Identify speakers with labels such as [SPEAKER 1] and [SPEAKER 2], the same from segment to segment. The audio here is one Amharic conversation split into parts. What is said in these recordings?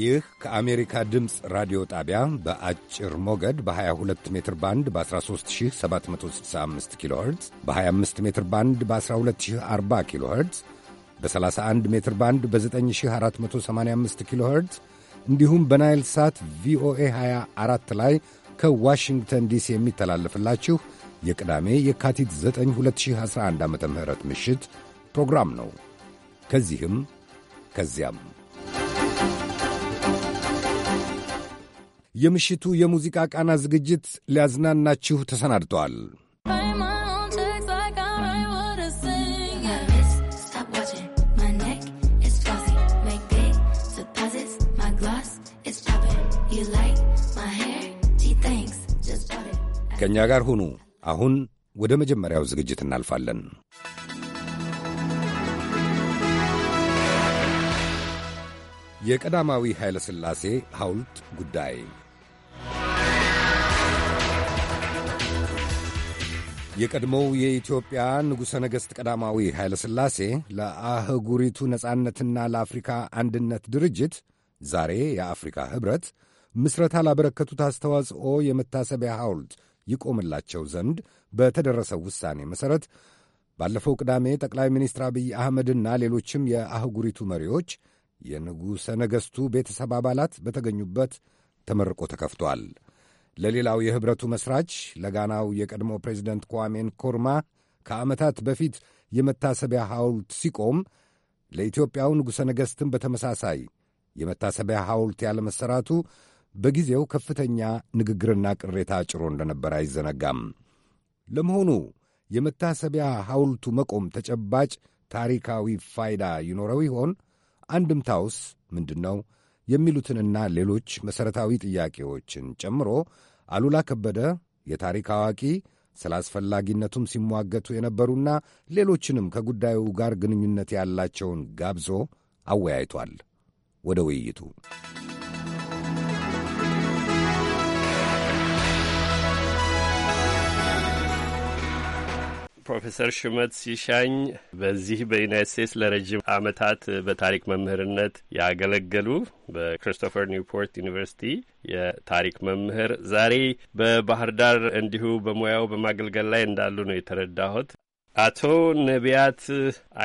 [SPEAKER 1] ይህ ከአሜሪካ ድምፅ ራዲዮ ጣቢያ በአጭር ሞገድ በ22 ሜትር ባንድ በ13765 ኪሎ ኸርትዝ በ25 ሜትር ባንድ በ1240 ኪሎ ኸርትዝ በ31 ሜትር ባንድ በ9485 ኪሎ ኸርትዝ እንዲሁም በናይል ሳት ቪኦኤ 24 ላይ ከዋሽንግተን ዲሲ የሚተላለፍላችሁ የቅዳሜ የካቲት 9 2011 ዓ ም ምሽት ፕሮግራም ነው። ከዚህም ከዚያም የምሽቱ የሙዚቃ ቃና ዝግጅት ሊያዝናናችሁ ተሰናድተዋል። ከእኛ ጋር ሁኑ። አሁን ወደ መጀመሪያው ዝግጅት እናልፋለን። የቀዳማዊ ኃይለ ሥላሴ ሐውልት ጉዳይ የቀድሞው የኢትዮጵያ ንጉሠ ነገሥት ቀዳማዊ ኃይለ ሥላሴ ለአህጉሪቱ ነጻነትና ለአፍሪካ አንድነት ድርጅት ዛሬ የአፍሪካ ኅብረት ምስረታ ላበረከቱት አስተዋጽኦ የመታሰቢያ ሐውልት ይቆምላቸው ዘንድ በተደረሰው ውሳኔ መሠረት ባለፈው ቅዳሜ ጠቅላይ ሚኒስትር አብይ አህመድና ሌሎችም የአህጉሪቱ መሪዎች የንጉሠ ነገሥቱ ቤተሰብ አባላት በተገኙበት ተመርቆ ተከፍቷል። ለሌላው የኅብረቱ መሥራች ለጋናው የቀድሞ ፕሬዚደንት ኳሜን ኮርማ ከዓመታት በፊት የመታሰቢያ ሐውልት ሲቆም ለኢትዮጵያው ንጉሠ ነገሥትም በተመሳሳይ የመታሰቢያ ሐውልት ያለመሠራቱ በጊዜው ከፍተኛ ንግግርና ቅሬታ ጭሮ እንደነበር አይዘነጋም። ለመሆኑ የመታሰቢያ ሐውልቱ መቆም ተጨባጭ ታሪካዊ ፋይዳ ይኖረው ይሆን? አንድምታውስ ምንድን ነው? የሚሉትንና ሌሎች መሠረታዊ ጥያቄዎችን ጨምሮ አሉላ ከበደ የታሪክ አዋቂ ስለ አስፈላጊነቱም ሲሟገቱ የነበሩና ሌሎችንም ከጉዳዩ ጋር ግንኙነት ያላቸውን ጋብዞ አወያይቷል። ወደ ውይይቱ
[SPEAKER 2] ፕሮፌሰር ሹመት ሲሻኝ በዚህ በዩናይት ስቴትስ ለረጅም ዓመታት በታሪክ መምህርነት ያገለገሉ በክሪስቶፈር ኒውፖርት ዩኒቨርሲቲ የታሪክ መምህር፣ ዛሬ በባህር ዳር እንዲሁ በሙያው በማገልገል ላይ እንዳሉ ነው የተረዳሁት። አቶ ነቢያት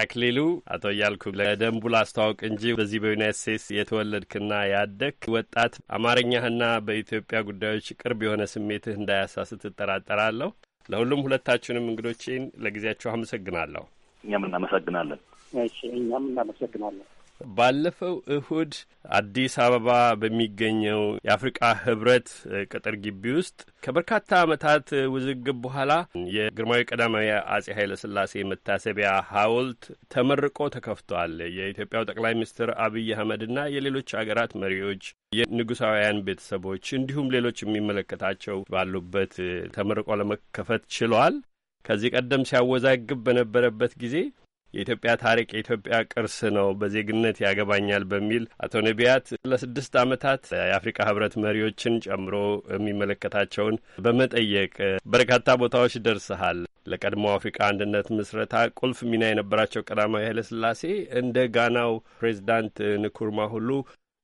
[SPEAKER 2] አክሊሉ፣ አቶ እያልኩ ለደንቡ ላስተዋውቅ እንጂ በዚህ በዩናይት ስቴትስ የተወለድክና ያደግ ወጣት፣ አማርኛህና በኢትዮጵያ ጉዳዮች ቅርብ የሆነ ስሜትህ እንዳያሳስት እጠራጠራለሁ። ለሁሉም ሁለታችሁንም እንግዶቼን ለጊዜያችሁ አመሰግናለሁ። እኛም እናመሰግናለን።
[SPEAKER 3] እኛም እናመሰግናለን።
[SPEAKER 2] ባለፈው እሁድ አዲስ አበባ በሚገኘው የአፍሪቃ ህብረት ቅጥር ግቢ ውስጥ ከበርካታ ዓመታት ውዝግብ በኋላ የግርማዊ ቀዳማዊ አጼ ኃይለ ስላሴ መታሰቢያ ሐውልት ተመርቆ ተከፍቷል። የኢትዮጵያው ጠቅላይ ሚኒስትር አብይ አህመድና የሌሎች አገራት መሪዎች፣ የንጉሳውያን ቤተሰቦች እንዲሁም ሌሎች የሚመለከታቸው ባሉበት ተመርቆ ለመከፈት ችሏል። ከዚህ ቀደም ሲያወዛግብ በነበረበት ጊዜ የኢትዮጵያ ታሪክ የኢትዮጵያ ቅርስ ነው፣ በዜግነት ያገባኛል በሚል አቶ ነቢያት ለስድስት ዓመታት የአፍሪካ ህብረት መሪዎችን ጨምሮ የሚመለከታቸውን በመጠየቅ በርካታ ቦታዎች ደርሰሃል። ለቀድሞ አፍሪካ አንድነት ምስረታ ቁልፍ ሚና የነበራቸው ቀዳማዊ ኃይለስላሴ እንደ ጋናው ፕሬዚዳንት ንኩርማ ሁሉ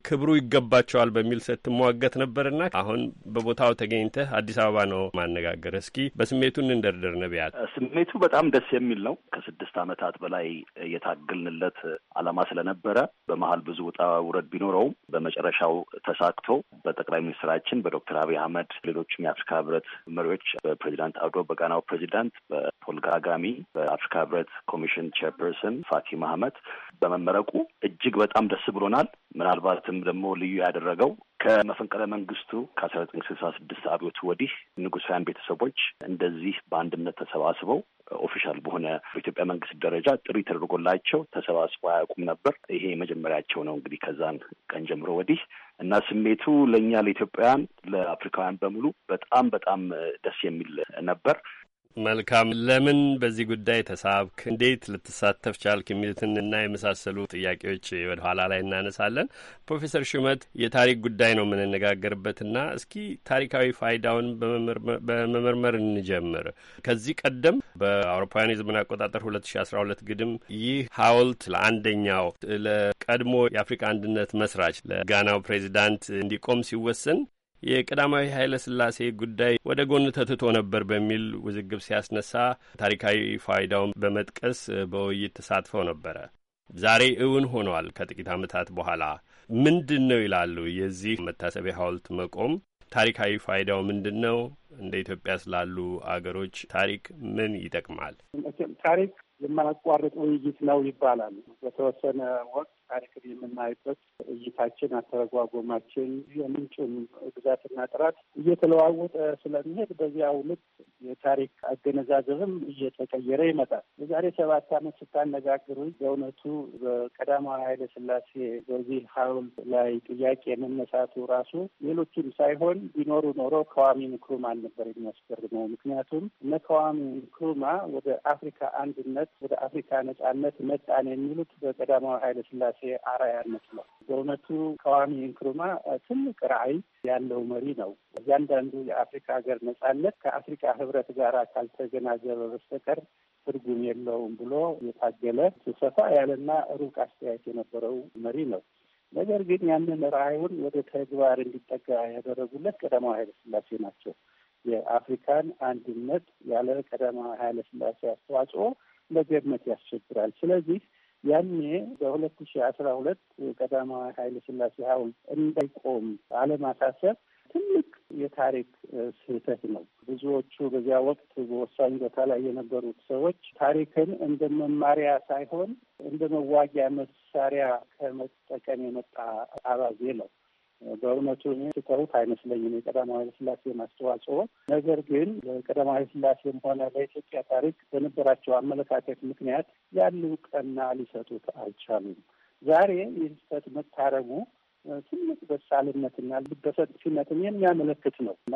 [SPEAKER 2] ክብሩ ይገባቸዋል በሚል ስትሟገት ነበርና አሁን በቦታው ተገኝተህ አዲስ አበባ ነው ማነጋገር። እስኪ በስሜቱን እንደርድር ነቢያት።
[SPEAKER 4] ስሜቱ በጣም ደስ የሚል ነው። ከስድስት ዓመታት በላይ የታገልንለት ዓላማ ስለነበረ በመሀል ብዙ ውጣ ውረድ ቢኖረውም በመጨረሻው ተሳክቶ በጠቅላይ ሚኒስትራችን በዶክተር አብይ አህመድ፣ ሌሎችም የአፍሪካ ህብረት መሪዎች በፕሬዚዳንት አብዶ በጋናው ፕሬዚዳንት፣ በፖል ጋጋሚ በአፍሪካ ህብረት ኮሚሽን ቼርፐርሰን ፋኪ መሀመድ በመመረቁ እጅግ በጣም ደስ ብሎናል። ምናልባት ስም ደግሞ ልዩ ያደረገው ከመፈንቅለ መንግስቱ ከአስራ ዘጠኝ ስልሳ ስድስት አብዮት ወዲህ ንጉሳውያን ቤተሰቦች እንደዚህ በአንድነት ተሰባስበው ኦፊሻል በሆነ በኢትዮጵያ መንግስት ደረጃ ጥሪ ተደርጎላቸው ተሰባስበው አያውቁም ነበር። ይሄ መጀመሪያቸው ነው እንግዲህ ከዛን ቀን ጀምሮ ወዲህ እና ስሜቱ ለእኛ ለኢትዮጵያውያን፣ ለአፍሪካውያን በሙሉ በጣም በጣም
[SPEAKER 2] ደስ የሚል ነበር። መልካም። ለምን በዚህ ጉዳይ ተሳብክ፣ እንዴት ልትሳተፍ ቻልክ እና የመሳሰሉ ጥያቄዎች ወደ ኋላ ላይ እናነሳለን። ፕሮፌሰር ሹመት የታሪክ ጉዳይ ነው የምንነጋገርበትና እስኪ ታሪካዊ ፋይዳውን በመመርመር እንጀምር። ከዚህ ቀደም በአውሮፓውያን የዘመን አቆጣጠር 2012 ግድም ይህ ሀውልት ለአንደኛው ለቀድሞ የአፍሪካ አንድነት መስራች ለጋናው ፕሬዚዳንት እንዲቆም ሲወሰን የቀዳማዊ ኃይለ ሥላሴ ጉዳይ ወደ ጎን ተትቶ ነበር በሚል ውዝግብ ሲያስነሳ ታሪካዊ ፋይዳውን በመጥቀስ በውይይት ተሳትፈው ነበረ። ዛሬ እውን ሆኗል። ከጥቂት ዓመታት በኋላ ምንድን ነው ይላሉ የዚህ መታሰቢያ ሐውልት መቆም ታሪካዊ ፋይዳው ምንድን ነው? እንደ ኢትዮጵያ ስላሉ አገሮች ታሪክ ምን ይጠቅማል?
[SPEAKER 3] ታሪክ የማያቋርጥ ውይይት ነው ይባላል። በተወሰነ ወቅት ታሪክን የምናይበት እይታችን፣ አተረጓጎማችን የምንጩም ብዛትና ጥራት እየተለዋወጠ ስለሚሄድ በዚያው ልክ የታሪክ አገነዛዘብም እየተቀየረ ይመጣል። የዛሬ ሰባት ዓመት ስታነጋግሩ በእውነቱ በቀዳማዊ ኃይለ ሥላሴ በዚህ ሐውልት ላይ ጥያቄ መነሳቱ ራሱ ሌሎችም ሳይሆን ቢኖሩ ኖሮ ከዋሚ ንክሩማ አልነበር የሚያስገርመው። ምክንያቱም እነ ከዋሚ ንክሩማ ወደ አፍሪካ አንድነት ወደ አፍሪካ ነጻነት መጣን የሚሉት በቀዳማዊ ኃይለ ሥላሴ አርአያነት ነው። በእውነቱ ከዋሚ ንክሩማ ትልቅ ራዕይ ያለው መሪ ነው። እያንዳንዱ የአፍሪካ ሀገር ነጻነት ከአፍሪካ ህብረት ጋር ካልተገናዘበ በስተቀር ትርጉም የለውም ብሎ የታገለ ሰፋ ያለና ሩቅ አስተያየት የነበረው መሪ ነው። ነገር ግን ያንን ራዕዩን ወደ ተግባር እንዲጠጋ ያደረጉለት ቀዳማዊ ኃይለስላሴ ናቸው። የአፍሪካን አንድነት ያለ ቀዳማዊ ኃይለስላሴ አስተዋጽኦ መገመት ያስቸግራል። ስለዚህ ያኔ በሁለት ሺ አስራ ሁለት የቀዳማዊ ኃይለ ሥላሴ ሐውልት እንዳይቆም አለማሳሰብ ትልቅ የታሪክ ስህተት ነው። ብዙዎቹ በዚያ ወቅት በወሳኝ ቦታ ላይ የነበሩት ሰዎች ታሪክን እንደ መማሪያ ሳይሆን እንደ መዋጊያ መሳሪያ ከመጠቀም የመጣ አባዜ ነው። በእውነቱ ትተውት አይመስለኝም የቀዳማዊ ኃይለሥላሴን አስተዋጽኦ። ነገር ግን ለቀዳማዊ ኃይለሥላሴም ሆነ ለኢትዮጵያ ታሪክ በነበራቸው አመለካከት ምክንያት ያሉ ቀና ሊሰጡት አልቻሉም። ዛሬ ይህ ስህተት መታረሙ ትልቅ በሳልነትና ልበሰፊነትን የሚያመለክት ነው እና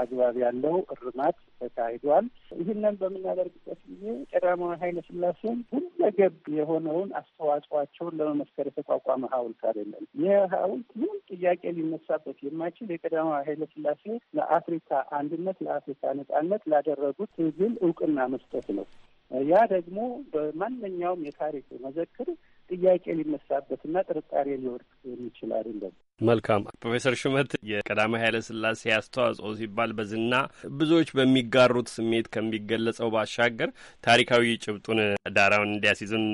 [SPEAKER 3] አግባብ ያለው እርማት ተካሂዷል። ይህንን በምናደርግበት ጊዜ ቀዳማዊ ኃይለ ሥላሴን ሁለገብ የሆነውን አስተዋጽኦቸውን ለመመስከር የተቋቋመ ሐውልት አይደለም። ይህ ሐውልት ምን ጥያቄ ሊነሳበት የማይችል የቀዳማዊ ኃይለ ሥላሴ ለአፍሪካ አንድነት፣ ለአፍሪካ ነጻነት ላደረጉት ትግል እውቅና መስጠት ነው። ያ ደግሞ በማንኛውም የታሪክ መዘክር ጥያቄ ሊነሳበትና ጥርጣሬ ሊወድቅ
[SPEAKER 2] የሚችል አይደለም። መልካም ፕሮፌሰር ሹመት የቀዳማዊ ኃይለ ሥላሴ አስተዋጽኦ ሲባል በዝና ብዙዎች በሚጋሩት ስሜት ከሚገለጸው ባሻገር ታሪካዊ ጭብጡን ዳራውን እንዲያስይዙን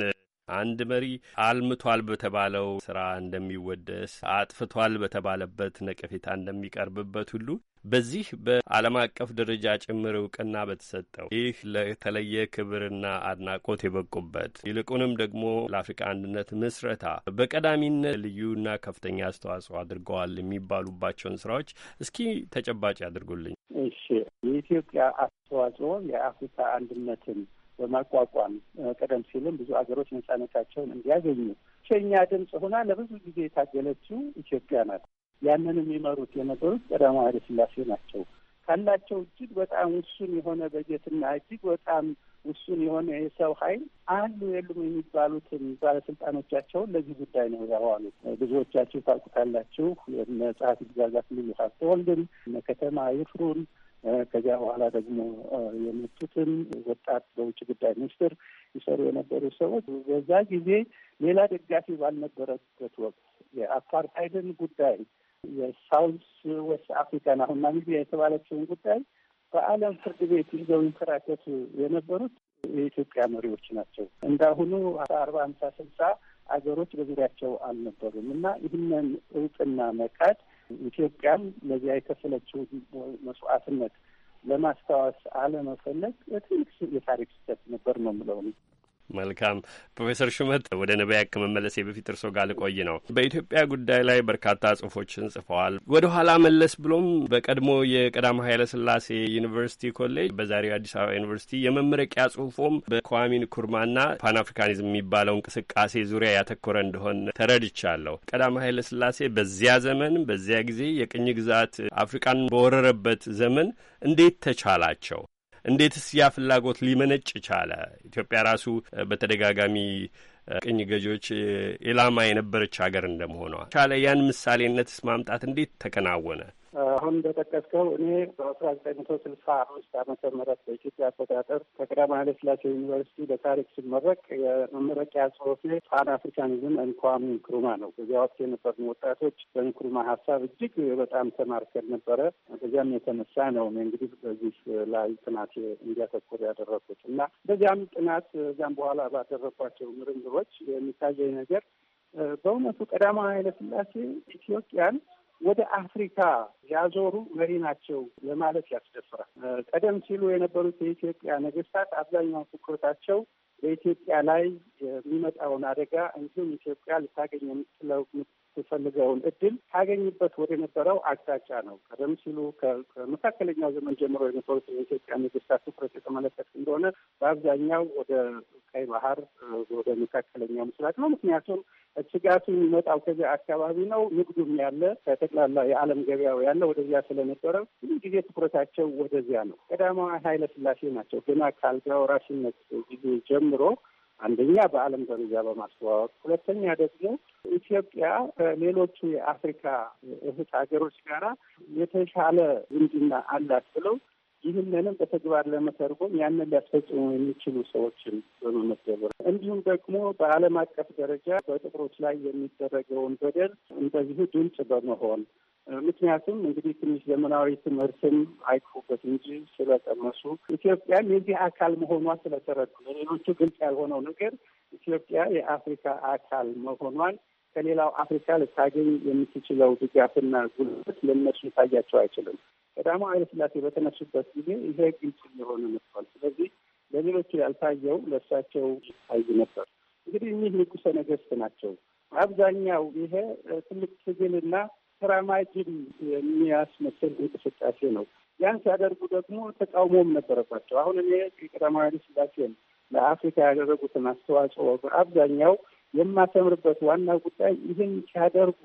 [SPEAKER 2] አንድ መሪ አልምቷል በተባለው ስራ እንደሚወደስ አጥፍቷል በተባለበት ነቀፌታ እንደሚቀርብበት ሁሉ በዚህ በዓለም አቀፍ ደረጃ ጭምር እውቅና በተሰጠው ይህ ለተለየ ክብርና አድናቆት የበቁበት ይልቁንም ደግሞ ለአፍሪካ አንድነት ምስረታ በቀዳሚነት ልዩና ከፍተኛ አስተዋጽኦ አድርገዋል የሚባሉባቸውን ስራዎች እስኪ ተጨባጭ አድርጉልኝ።
[SPEAKER 3] እሺ፣ የኢትዮጵያ አስተዋጽኦ የአፍሪካ አንድነትን በማቋቋም ቀደም ሲልም ብዙ ሀገሮች ነጻነታቸውን እንዲያገኙ ብቸኛ ድምፅ ሆና ለብዙ ጊዜ የታገለችው ኢትዮጵያ ናት። ያንን የሚመሩት የነበሩት ቀዳማዊ ኃይለ ሥላሴ ናቸው። ካላቸው እጅግ በጣም ውሱን የሆነ በጀትና እጅግ በጣም ውሱን የሆነ የሰው ኃይል አሉ የሉም የሚባሉትን ባለስልጣኖቻቸውን ለዚህ ጉዳይ ነው ያዋሉት። ብዙዎቻችሁ ታውቁታላችሁ። መጽሐፍ ግዛዛት ልዩ ሀብተ ከተማ ይፍሩን ከዚያ በኋላ ደግሞ የመጡትን ወጣት በውጭ ጉዳይ ሚኒስትር ይሰሩ የነበሩ ሰዎች በዛ ጊዜ ሌላ ደጋፊ ባልነበረበት ወቅት የአፓርታይድን ጉዳይ የሳውዝ ዌስት አፍሪካን አሁን ናሚቢያ የተባለችውን ጉዳይ በዓለም ፍርድ ቤት ይዘው ይንከራከቱ የነበሩት የኢትዮጵያ መሪዎች ናቸው። እንዳሁኑ አርባ አምሳ ስልሳ አገሮች በዙሪያቸው አልነበሩም እና ይህንን እውቅና መቃድ ኢትዮጵያም ለዚያ የከፈለችው መስዋዕትነት ለማስታወስ አለመፈለግ ትልቅ የታሪክ ስህተት ነበር ነው የምለው።
[SPEAKER 2] መልካም ፕሮፌሰር ሹመት ወደ ነቢያ ከመመለሴ በፊት እርሶ ጋር ልቆይ ነው። በኢትዮጵያ ጉዳይ ላይ በርካታ ጽሁፎችን ጽፈዋል። ወደ ኋላ መለስ ብሎም በቀድሞ የቀዳማዊ ኃይለ ሥላሴ ዩኒቨርሲቲ ኮሌጅ፣ በዛሬው አዲስ አበባ ዩኒቨርሲቲ የመመረቂያ ጽሁፎም በኳሚ ንኩርማና ፓን አፍሪካኒዝም የሚባለው እንቅስቃሴ ዙሪያ ያተኮረ እንደሆን ተረድቻለሁ። ቀዳማዊ ኃይለ ሥላሴ በዚያ ዘመን በዚያ ጊዜ የቅኝ ግዛት አፍሪቃን በወረረበት ዘመን እንዴት ተቻላቸው? እንዴትስ ያ ፍላጎት ሊመነጭ ቻለ? ኢትዮጵያ ራሱ በተደጋጋሚ ቅኝ ገዢዎች ኢላማ የነበረች ሀገር እንደመሆኗ ቻለ ያን ምሳሌነትስ ማምጣት እንዴት ተከናወነ?
[SPEAKER 3] አሁን እንደጠቀስከው እኔ በአስራ ዘጠኝ መቶ ስልሳ አምስት ዓመተ ምህረት በኢትዮጵያ አቆጣጠር ከቀዳማዊ ኃይለ ሥላሴ ዩኒቨርሲቲ በታሪክ ስመረቅ የመመረቂያ ጽሁፌ ፓን አፍሪካኒዝም እንኳም ንክሩማ ነው። በዚያ ወቅት የነበሩ ወጣቶች በንክሩማ ሀሳብ እጅግ በጣም ተማርከል ነበረ። በዚያም የተነሳ ነው እንግዲህ በዚህ ላይ ጥናት እንዲያተኩር ያደረኩት እና በዚያም ጥናት እዚያም በኋላ ባደረኳቸው ምርምሮች የሚታየኝ ነገር በእውነቱ ቀዳማዊ ኃይለ ሥላሴ ኢትዮጵያን ወደ አፍሪካ ያዞሩ መሪ ናቸው ለማለት ያስደፍራል። ቀደም ሲሉ የነበሩት የኢትዮጵያ ነገስታት አብዛኛው ትኩረታቸው በኢትዮጵያ ላይ የሚመጣውን አደጋ እንዲሁም ኢትዮጵያ ልታገኝ የምትለው የምፈልገውን እድል ታገኝበት ወደ ነበረው አቅጣጫ ነው። ቀደም ሲሉ ከመካከለኛው ዘመን ጀምሮ የነበሩት የኢትዮጵያ መንግስታት ትኩረት የተመለከት እንደሆነ በአብዛኛው ወደ ቀይ ባህር፣ ወደ መካከለኛው ምስራቅ ነው። ምክንያቱም ስጋቱ የሚመጣው ከዚያ አካባቢ ነው። ንግዱም ያለ ከጠቅላላ የዓለም ገበያው ያለ ወደዚያ ስለነበረ ብዙ ጊዜ ትኩረታቸው ወደዚያ ነው። ቀዳማዊ ኃይለ ስላሴ ናቸው። ገና ከአልጋ ወራሽነት ጊዜ ጀምሮ አንደኛ በዓለም ደረጃ በማስተዋወቅ ሁለተኛ ደግሞ ኢትዮጵያ ከሌሎቹ የአፍሪካ እህት ሀገሮች ጋራ የተሻለ ዝምድና አላት ብለው ይህንንም በተግባር ለመተርጎም ያንን ሊያስፈጽሙ የሚችሉ ሰዎችን በመመደብ እንዲሁም ደግሞ በዓለም አቀፍ ደረጃ በጥቁሮች ላይ የሚደረገውን በደል እንደዚሁ ድምፅ በመሆን ምክንያቱም እንግዲህ ትንሽ ዘመናዊ ትምህርትም አይክፉበት እንጂ ስለቀመሱ ኢትዮጵያም የዚህ አካል መሆኗ ስለተረዱ
[SPEAKER 5] ለሌሎቹ ግልጽ
[SPEAKER 3] ያልሆነው ነገር ኢትዮጵያ የአፍሪካ አካል መሆኗን ከሌላው አፍሪካ ልታገኝ የምትችለው ድጋፍና ጉልበት ለነሱ ሊታያቸው አይችልም። ቀዳማዊ ኃይለ ሥላሴ በተነሱበት ጊዜ ይሄ ግልጽ ሊሆን መጥቷል። ስለዚህ ለሌሎቹ ያልታየው ለእሳቸው ይታይ ነበር። እንግዲህ እኒህ ንጉሠ ነገሥት ናቸው። አብዛኛው ይሄ ትልቅ ትግልና ተራማጅን የሚያስመስል እንቅስቃሴ ነው። ያን ሲያደርጉ ደግሞ ተቃውሞም ነበረባቸው። አሁን እኔ ቀዳማዊ ኃይለ ሥላሴን ለአፍሪካ ያደረጉትን አስተዋጽኦ በአብዛኛው የማሰምርበት ዋና ጉዳይ ይህን ሲያደርጉ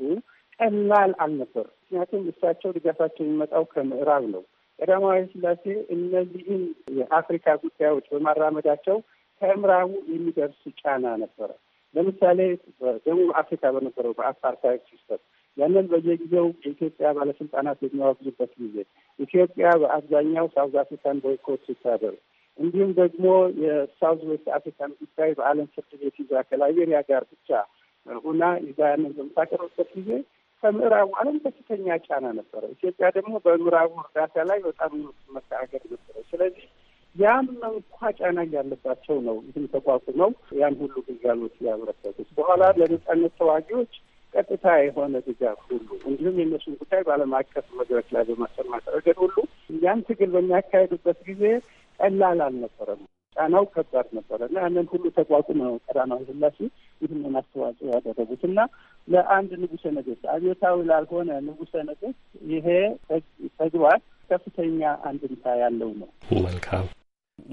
[SPEAKER 3] ቀላል አልነበር ምክንያቱም እሳቸው ድጋፋቸው የሚመጣው ከምዕራብ ነው። ቀዳማዊ ኃይለ ሥላሴ እነዚህን የአፍሪካ ጉዳዮች በማራመዳቸው ከምዕራቡ የሚደርስ ጫና ነበረ። ለምሳሌ በደቡብ አፍሪካ በነበረው በአፓርታይድ ሲስተም ያንን በየጊዜው የኢትዮጵያ ባለስልጣናት የሚያወግዙበት ጊዜ ኢትዮጵያ በአብዛኛው ሳውዝ አፍሪካን ቦይኮት ስታደርግ እንዲሁም ደግሞ የሳውዝ ዌስት አፍሪካን ጉዳይ በዓለም ፍርድ ቤት ይዛ ከላይቤሪያ ጋር ብቻ ሁና ይዛ ያንን በምታቀርብበት ጊዜ ከምዕራቡ ዓለም ከፍተኛ ጫና ነበረ። ኢትዮጵያ ደግሞ በምዕራቡ እርዳታ ላይ በጣም የምትመካ ነበረ። ስለዚህ ያም እንኳ ጫና ያለባቸው ነው ይህም ተቋቁመው ያን ሁሉ ግልጋሎት ያበረከቱት። በኋላ ለነጻነት ተዋጊዎች ቀጥታ የሆነ ድጋፍ ሁሉ እንዲሁም የእነሱን ጉዳይ በዓለም አቀፍ መድረክ ላይ በማሰማት ረገድ ሁሉ ያን ትግል በሚያካሄዱበት ጊዜ ቀላል አልነበረም። ጫናው ከባድ ነበረ እና ያንን ሁሉ ተቋቁመ ነው ቀዳማዊ ሥላሴ ይህንን አስተዋጽኦ ያደረጉት እና ለአንድ ንጉሰ ነገስት አብዮታዊ ላልሆነ ንጉሰ ነገስት ይሄ ተግባር ከፍተኛ አንድምታ ያለው ነው። መልካም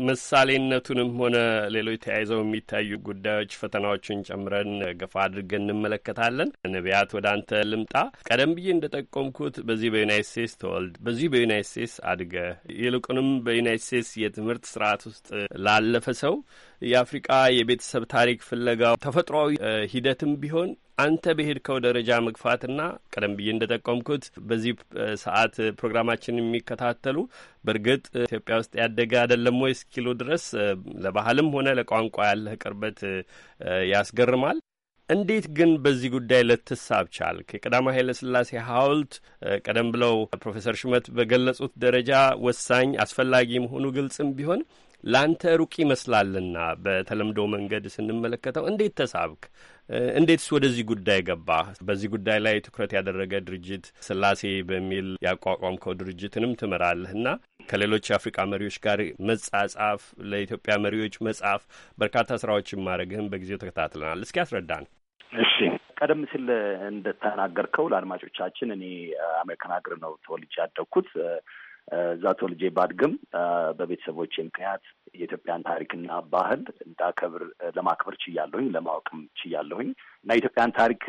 [SPEAKER 2] ምሳሌነቱንም ሆነ ሌሎች ተያይዘው የሚታዩ ጉዳዮች ፈተናዎችን ጨምረን ገፋ አድርገን እንመለከታለን። ነቢያት ወደ አንተ ልምጣ። ቀደም ብዬ እንደ ጠቆምኩት በዚህ በዩናይት ስቴትስ ተወልድ በዚህ በዩናይት ስቴትስ አድገ ይልቁንም በዩናይት ስቴትስ የትምህርት ስርዓት ውስጥ ላለፈ ሰው የአፍሪቃ የቤተሰብ ታሪክ ፍለጋው ተፈጥሯዊ ሂደትም ቢሆን አንተ በሄድከው ደረጃ መግፋትና ቀደም ብዬ እንደጠቆምኩት በዚህ ሰዓት ፕሮግራማችን የሚከታተሉ በእርግጥ ኢትዮጵያ ውስጥ ያደገ አይደለም ወይ እስኪሉ ድረስ ለባህልም ሆነ ለቋንቋ ያለህ ቅርበት ያስገርማል። እንዴት ግን በዚህ ጉዳይ ልትሳብ ቻልክ? የቀዳማዊ ኃይለ ሥላሴ ሐውልት ቀደም ብለው ፕሮፌሰር ሹመት በገለጹት ደረጃ ወሳኝ አስፈላጊ መሆኑ ግልጽም ቢሆን ለአንተ ሩቅ ይመስላልና በተለምዶ መንገድ ስንመለከተው እንዴት ተሳብክ? እንዴትስ ወደዚህ ጉዳይ ገባ? በዚህ ጉዳይ ላይ ትኩረት ያደረገ ድርጅት ስላሴ በሚል ያቋቋምከው ድርጅትንም ትመራለህ እና ከሌሎች የአፍሪቃ መሪዎች ጋር መጻጻፍ፣ ለኢትዮጵያ መሪዎች መጻፍ፣ በርካታ ስራዎችን ማድረግህም በጊዜው ተከታትለናል። እስኪ ያስረዳን።
[SPEAKER 4] እሺ፣ ቀደም ሲል እንደተናገርከው ለአድማጮቻችን እኔ አሜሪካን ሀገር ነው ተወልጄ ያደግኩት። እዛ ተወልጄ ባድግም በቤተሰቦቼ ምክንያት የኢትዮጵያን ታሪክና ባህል እንዳከብር ለማክበር ችያለሁኝ፣ ለማወቅም ችያለሁኝ እና የኢትዮጵያን ታሪክ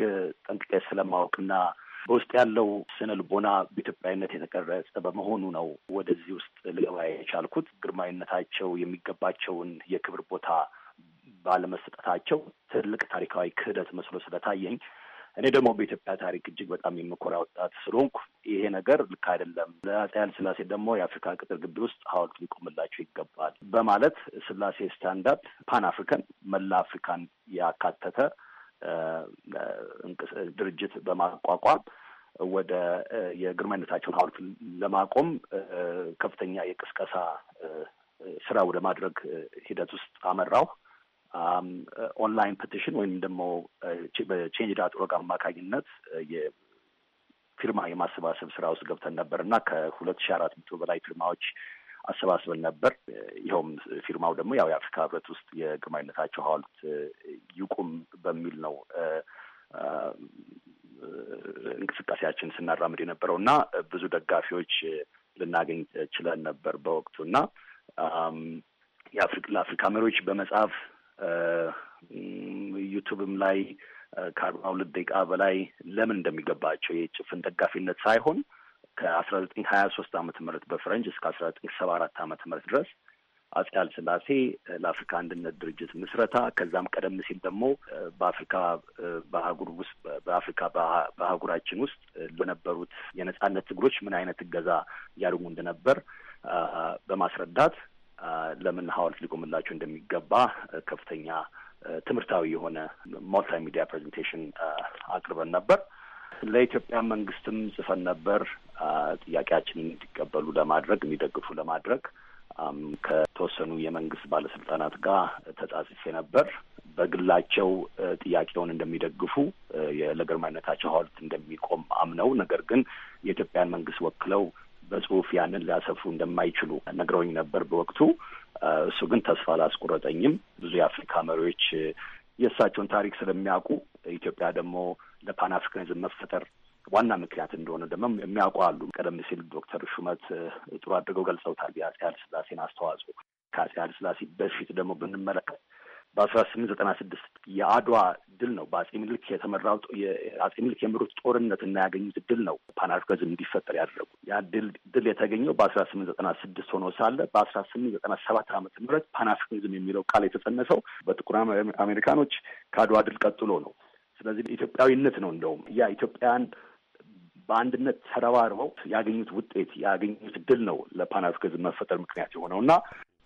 [SPEAKER 4] ጠንቅቄ ስለማወቅና በውስጥ ያለው ስነ ልቦና በኢትዮጵያዊነት የተቀረጸ በመሆኑ ነው ወደዚህ ውስጥ ልገባ የቻልኩት። ግርማዊነታቸው የሚገባቸውን የክብር ቦታ ባለመሰጠታቸው ትልቅ ታሪካዊ ክህደት መስሎ ስለታየኝ እኔ ደግሞ በኢትዮጵያ ታሪክ እጅግ በጣም የምኮራ ወጣት ስለሆንኩ ይሄ ነገር ልክ አይደለም፣ ለአጼ ኃይለ ስላሴ ደግሞ የአፍሪካ ቅጥር ግቢ ውስጥ ሐውልት ሊቆምላቸው ይገባል በማለት ስላሴ ስታንዳርድ ፓን አፍሪካን መላ አፍሪካን ያካተተ ድርጅት በማቋቋም ወደ የግርማዊነታቸውን ሐውልት ለማቆም ከፍተኛ የቅስቀሳ ስራ ወደ ማድረግ ሂደት ውስጥ አመራው። ኦንላይን ፕቲሽን ወይም ደግሞ በቼንጅ ዳት ኦርግ አማካኝነት uh, ፊርማ የማሰባሰብ ስራ ውስጥ ገብተን ነበር እና ከሁለት ሺ አራት መቶ በላይ ፊርማዎች አሰባስበን ነበር። uh, ይኸውም ፊርማው ደግሞ ያው የአፍሪካ ህብረት ውስጥ የግርማዊነታቸው ሐውልት uh, ይቁም በሚል ነው እንቅስቃሴያችን ስናራምድ የነበረው እና ብዙ ደጋፊዎች ልናገኝ ችለን ነበር በወቅቱ እና um, ለአፍሪካ መሪዎች በመጽሐፍ ዩቱብም ላይ ከአርባ ሁለት ደቂቃ በላይ ለምን እንደሚገባቸው የጭፍን ደጋፊነት ሳይሆን ከአስራ ዘጠኝ ሀያ ሶስት አመት ምህረት በፈረንጅ እስከ አስራ ዘጠኝ ሰባ አራት አመት ምህረት ድረስ አጼ ኃይለ ሥላሴ ለአፍሪካ አንድነት ድርጅት ምስረታ ከዛም ቀደም ሲል ደግሞ በአፍሪካ በአህጉር ውስጥ በአፍሪካ በአህጉራችን ውስጥ ለነበሩት የነጻነት ትግሮች ምን አይነት እገዛ እያደርጉ እንደነበር በማስረዳት ለምን ሀውልት ሊቆምላቸው እንደሚገባ ከፍተኛ ትምህርታዊ የሆነ ሚዲያ ፕሬዘንቴሽን አቅርበን ነበር። ለኢትዮጵያ መንግስትም ጽፈን ነበር ጥያቄያችንን እንዲቀበሉ ለማድረግ እንዲደግፉ ለማድረግ ከተወሰኑ የመንግስት ባለስልጣናት ጋር ተጻጽፌ ነበር። በግላቸው ጥያቄውን እንደሚደግፉ ለግርማዊነታቸው ሀውልት እንደሚቆም አምነው ነገር ግን የኢትዮጵያን መንግስት ወክለው በጽሁፍ ያንን ሊያሰፍሩ እንደማይችሉ ነግረውኝ ነበር በወቅቱ። እሱ ግን ተስፋ አላስቆረጠኝም። ብዙ የአፍሪካ መሪዎች የእሳቸውን ታሪክ ስለሚያውቁ ኢትዮጵያ ደግሞ ለፓን አፍሪካኒዝም መፈጠር ዋና ምክንያት እንደሆነ ደግሞ የሚያውቁ አሉ። ቀደም ሲል ዶክተር ሹመት ጥሩ አድርገው ገልጸውታል የአፄ ኃይለ ሥላሴን አስተዋጽኦ። ከአፄ ኃይለ ሥላሴ በፊት ደግሞ ብንመለከት በአስራ ስምንት ዘጠና ስድስት የአድዋ ድል ነው። በአጼ ምኒልክ የተመራው የአጼ ምኒልክ የምሩት ጦርነት እና ያገኙት ድል ነው ፓን እንዲፈጠር ያደረጉ። ያ ድል ድል የተገኘው በአስራ ስምንት ዘጠና ስድስት ሆኖ ሳለ በአስራ ስምንት ዘጠና ሰባት ዓመተ ምህረት ፓን የሚለው ቃል የተጸነሰው በጥቁር አሜሪካኖች ከአድዋ ድል ቀጥሎ ነው። ስለዚህ ኢትዮጵያዊነት ነው እንደውም ያ ኢትዮጵያን በአንድነት ተረባርበው ያገኙት ውጤት ያገኙት ድል ነው ለፓን አፍሪካኒዝም መፈጠር ምክንያት የሆነው እና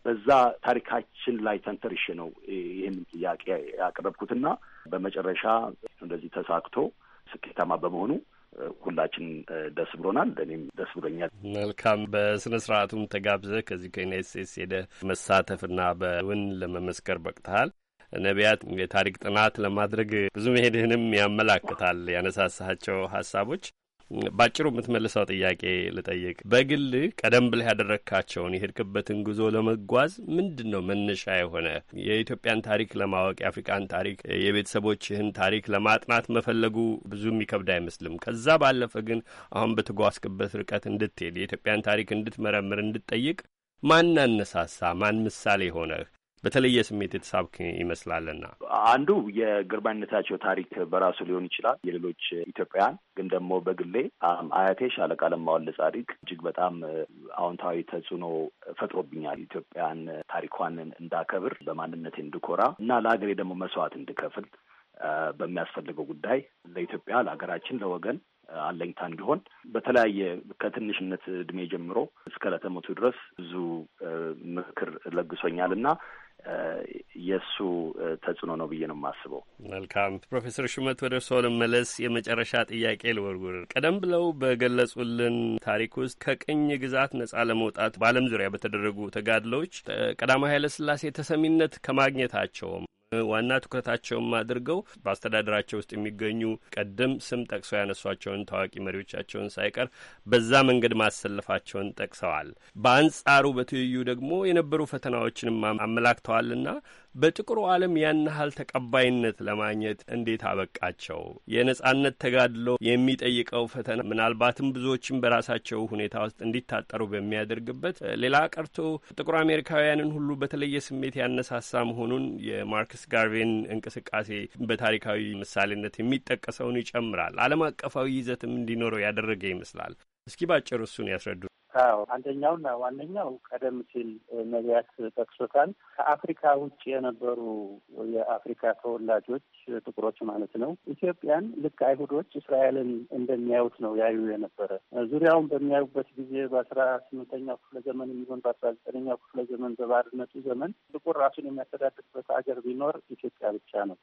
[SPEAKER 4] በዛ ታሪካችን ላይ ተንተርሽ ነው ይህን ጥያቄ ያቀረብኩትና በመጨረሻ እንደዚህ ተሳክቶ ስኬታማ በመሆኑ ሁላችን ደስ ብሎናል። እኔም ደስ ብሎኛል።
[SPEAKER 2] መልካም። በስነ ስርዓቱም ተጋብዘ ከዚህ ከዩናይት ስቴትስ ሄደህ መሳተፍና በውን ለመመስከር በቅተሃል። ነቢያት የታሪክ ጥናት ለማድረግ ብዙ መሄድህንም ያመላክታል ያነሳሳቸው ሀሳቦች ባጭሩ የምትመልሰው ጥያቄ ልጠይቅ። በግል ቀደም ብለህ ያደረግካቸውን የሄድክበትን ጉዞ ለመጓዝ ምንድን ነው መነሻ የሆነ? የኢትዮጵያን ታሪክ ለማወቅ የአፍሪካን ታሪክ፣ የቤተሰቦችህን ታሪክ ለማጥናት መፈለጉ ብዙ የሚከብድ አይመስልም። ከዛ ባለፈ ግን አሁን በተጓዝክበት ርቀት እንድትሄድ የኢትዮጵያን ታሪክ እንድትመረምር፣ እንድትጠይቅ ማን አነሳሳ? ማን ምሳሌ ሆነህ? በተለየ ስሜት የተሳብክ ይመስላልና
[SPEAKER 4] አንዱ የግርማዊነታቸው ታሪክ በራሱ ሊሆን ይችላል። የሌሎች ኢትዮጵያውያን ግን ደግሞ በግሌ አያቴ ሻለቃ ለማዋለ ጻድቅ እጅግ በጣም አዎንታዊ ተጽዕኖ ፈጥሮብኛል። ኢትዮጵያን ታሪኳን እንዳከብር፣ በማንነቴ እንድኮራ እና ለሀገሬ ደግሞ መስዋዕት እንድከፍል በሚያስፈልገው ጉዳይ ለኢትዮጵያ፣ ለሀገራችን፣ ለወገን አለኝታ እንዲሆን በተለያየ ከትንሽነት እድሜ ጀምሮ እስከ ለተሞቱ ድረስ ብዙ ምክር ለግሶኛል እና የእሱ ተጽዕኖ ነው ብዬ ነው የማስበው። መልካም
[SPEAKER 2] ፕሮፌሰር ሹመት ወደ እርስዎ ልመለስ። የመጨረሻ ጥያቄ ልወርውር። ቀደም ብለው በገለጹልን ታሪክ ውስጥ ከቅኝ ግዛት ነጻ ለመውጣት በዓለም ዙሪያ በተደረጉ ተጋድሎዎች ቀዳማዊ ኃይለ ሥላሴ ተሰሚነት ከማግኘታቸውም ዋና ትኩረታቸውም አድርገው በአስተዳደራቸው ውስጥ የሚገኙ ቀደም ስም ጠቅሰው ያነሷቸውን ታዋቂ መሪዎቻቸውን ሳይቀር በዛ መንገድ ማሰለፋቸውን ጠቅሰዋል። በአንጻሩ በትይዩ ደግሞ የነበሩ ፈተናዎችንም አመላክተዋልና በጥቁሩ ዓለም ያን ያህል ተቀባይነት ለማግኘት እንዴት አበቃቸው? የነጻነት ተጋድሎ የሚጠይቀው ፈተና ምናልባትም ብዙዎችን በራሳቸው ሁኔታ ውስጥ እንዲታጠሩ በሚያደርግበት ሌላ ቀርቶ ጥቁር አሜሪካውያንን ሁሉ በተለየ ስሜት ያነሳሳ መሆኑን የማርክስ ጋርቬን እንቅስቃሴ በታሪካዊ ምሳሌነት የሚጠቀሰውን ይጨምራል። ዓለም አቀፋዊ ይዘትም እንዲኖረው ያደረገ ይመስላል። እስኪ ባጭር እሱን ያስረዱ።
[SPEAKER 3] አዎ አንደኛውና ዋነኛው ቀደም ሲል ነቢያት ጠቅሶታል። ከአፍሪካ ውጭ የነበሩ የአፍሪካ ተወላጆች ጥቁሮች ማለት ነው ኢትዮጵያን ልክ አይሁዶች እስራኤልን እንደሚያዩት ነው ያዩ የነበረ። ዙሪያውን በሚያዩበት ጊዜ በአስራ ስምንተኛው ክፍለ ዘመን የሚሆን በአስራ ዘጠነኛው ክፍለ ዘመን በባርነቱ ዘመን ጥቁር ራሱን የሚያስተዳድርበት አገር ቢኖር ኢትዮጵያ ብቻ ነው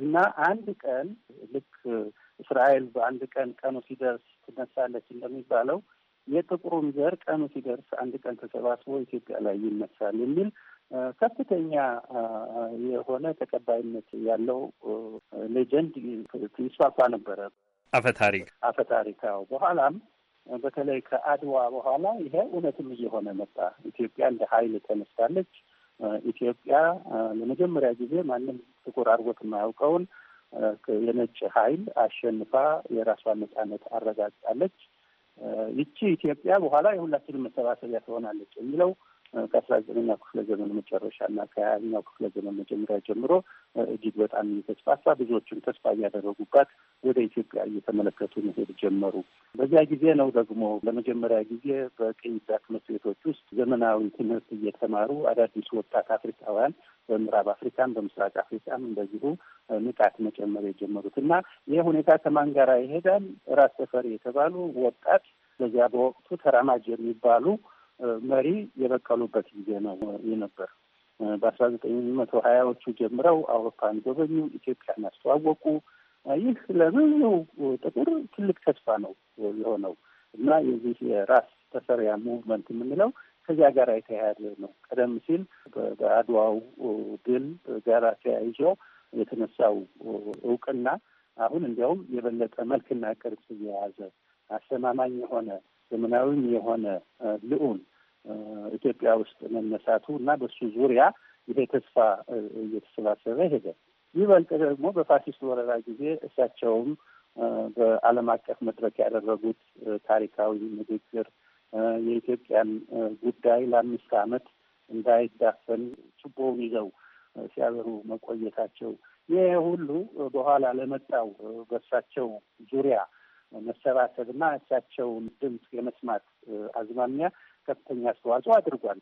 [SPEAKER 3] እና አንድ ቀን ልክ እስራኤል በአንድ ቀን ቀኑ ሲደርስ ትነሳለች እንደሚባለው የጥቁሩም ዘር ቀኑ ሲደርስ አንድ ቀን ተሰባስቦ ኢትዮጵያ ላይ ይነሳል የሚል ከፍተኛ የሆነ ተቀባይነት ያለው ሌጀንድ ይስፋፋ ነበረ። አፈታሪክ አፈታሪካው በኋላም በተለይ ከአድዋ በኋላ ይሄ እውነትም እየሆነ መጣ። ኢትዮጵያ እንደ ኃይል ተነስታለች። ኢትዮጵያ ለመጀመሪያ ጊዜ ማንም ጥቁር አድርጎት የማያውቀውን የነጭ ኃይል አሸንፋ የራሷን ነጻነት አረጋግጣለች። ይቺ ኢትዮጵያ በኋላ የሁላችንም መሰባሰቢያ ትሆናለች የሚለው ከአስራ ዘጠነኛ ክፍለ ዘመን መጨረሻ እና ከሀያኛው ክፍለ ዘመን መጀመሪያ ጀምሮ እጅግ በጣም እየተስፋፋ ብዙዎችን ተስፋ እያደረጉባት ወደ ኢትዮጵያ እየተመለከቱ መሄድ ጀመሩ። በዚያ ጊዜ ነው ደግሞ ለመጀመሪያ ጊዜ በቅኝዳ ትምህርት ቤቶች ውስጥ ዘመናዊ ትምህርት እየተማሩ አዳዲስ ወጣት አፍሪካውያን በምዕራብ አፍሪካም በምስራቅ አፍሪካም እንደዚሁ ንቃት መጨመር የጀመሩት እና ይህ ሁኔታ ከማን ጋር ይሄዳል? ራስ ተፈሪ የተባሉ ወጣት በዚያ በወቅቱ ተራማጅ የሚባሉ መሪ የበቀሉበት ጊዜ ነው የነበር። በአስራ ዘጠኝ መቶ ሀያዎቹ ጀምረው አውሮፓን ጎበኙ፣ ኢትዮጵያን አስተዋወቁ። ይህ ለብዙ ጥቁር ትልቅ ተስፋ ነው የሆነው እና የዚህ የራስ ተሰሪያ ሙቭመንት የምንለው ከዚያ ጋር የተያያዘ ነው። ቀደም ሲል በአድዋው ድል ጋራ ተያይዞ የተነሳው እውቅና አሁን እንዲያውም የበለጠ መልክና ቅርጽ የያዘ አስተማማኝ የሆነ ዘመናዊም የሆነ ልዑል ኢትዮጵያ ውስጥ መነሳቱ እና በሱ ዙሪያ ይሄ ተስፋ እየተሰባሰበ ሄደ። ይበልጥ ደግሞ በፋሲስት ወረራ ጊዜ እሳቸውም በዓለም አቀፍ መድረክ ያደረጉት ታሪካዊ ንግግር የኢትዮጵያን ጉዳይ ለአምስት ዓመት እንዳይዳፈን ችቦውን ይዘው ሲያበሩ መቆየታቸው ይህ ሁሉ በኋላ ለመጣው በእሳቸው ዙሪያ መሰባሰብ እና እሳቸውን ድምፅ የመስማት አዝማሚያ ከፍተኛ አስተዋጽኦ አድርጓል።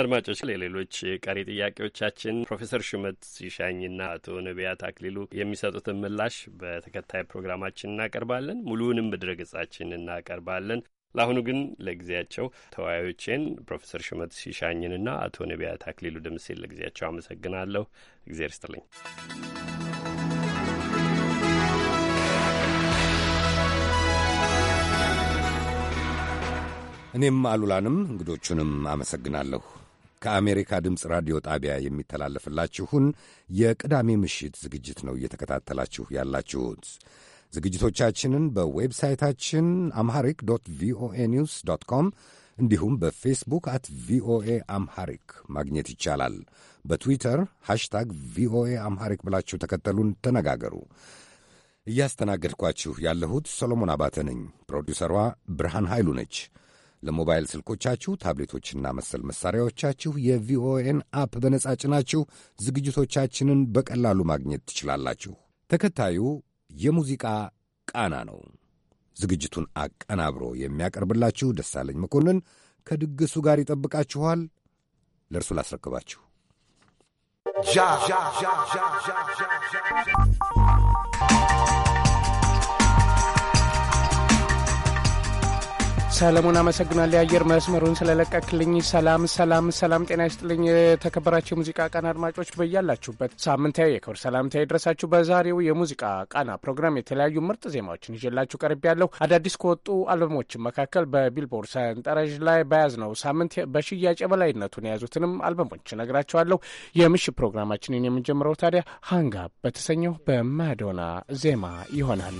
[SPEAKER 2] አድማጮች ለሌሎች ቀሪ ጥያቄዎቻችን ፕሮፌሰር ሹመት ሲሻኝና አቶ ነቢያት አክሊሉ የሚሰጡትን ምላሽ በተከታይ ፕሮግራማችን እናቀርባለን። ሙሉውንም በድረገጻችን እናቀርባለን። ለአሁኑ ግን ለጊዜያቸው ተወያዮቼን ፕሮፌሰር ሹመት ሲሻኝንና አቶ ነቢያት አክሊሉ ድምሴን ለጊዜያቸው አመሰግናለሁ። እግዜር ይስጥልኝ።
[SPEAKER 1] እኔም አሉላንም እንግዶቹንም አመሰግናለሁ። ከአሜሪካ ድምፅ ራዲዮ ጣቢያ የሚተላለፍላችሁን የቅዳሜ ምሽት ዝግጅት ነው እየተከታተላችሁ ያላችሁት። ዝግጅቶቻችንን በዌብሳይታችን አምሃሪክ ዶት ቪኦኤ ኒውስ ዶት ኮም እንዲሁም በፌስቡክ አት ቪኦኤ አምሃሪክ ማግኘት ይቻላል። በትዊተር ሃሽታግ ቪኦኤ አምሃሪክ ብላችሁ ተከተሉን፣ ተነጋገሩ። እያስተናገድኳችሁ ያለሁት ሰሎሞን አባተ ነኝ። ፕሮዲውሰሯ ብርሃን ኃይሉ ነች። ለሞባይል ስልኮቻችሁ ታብሌቶችና መሰል መሳሪያዎቻችሁ የቪኦኤን አፕ በነጻ ጭናችሁ ዝግጅቶቻችንን በቀላሉ ማግኘት ትችላላችሁ። ተከታዩ የሙዚቃ ቃና ነው። ዝግጅቱን አቀናብሮ የሚያቀርብላችሁ ደሳለኝ መኮንን ከድግሱ ጋር ይጠብቃችኋል። ለእርሱ ላስረክባችሁ።
[SPEAKER 6] ሰለሞን አመሰግናለሁ የአየር መስመሩን ስለለቀክልኝ። ሰላም ሰላም ሰላም፣ ጤና ይስጥልኝ የተከበራቸው የሙዚቃ ቃና አድማጮች በያላችሁበት ሳምንታዊ የክብር ሰላምታ ይድረሳችሁ። በዛሬው የሙዚቃ ቃና ፕሮግራም የተለያዩ ምርጥ ዜማዎችን ይዤላችሁ ቀርብ ያለሁ አዳዲስ ከወጡ አልበሞችን መካከል በቢልቦርድ ሰንጠረዥ ላይ በያዝነው ሳምንት በሽያጭ የበላይነቱን የያዙትንም አልበሞች እነግራችኋለሁ። የምሽት ፕሮግራማችንን የምንጀምረው ታዲያ ሀንጋ በተሰኘው በማዶና ዜማ ይሆናል።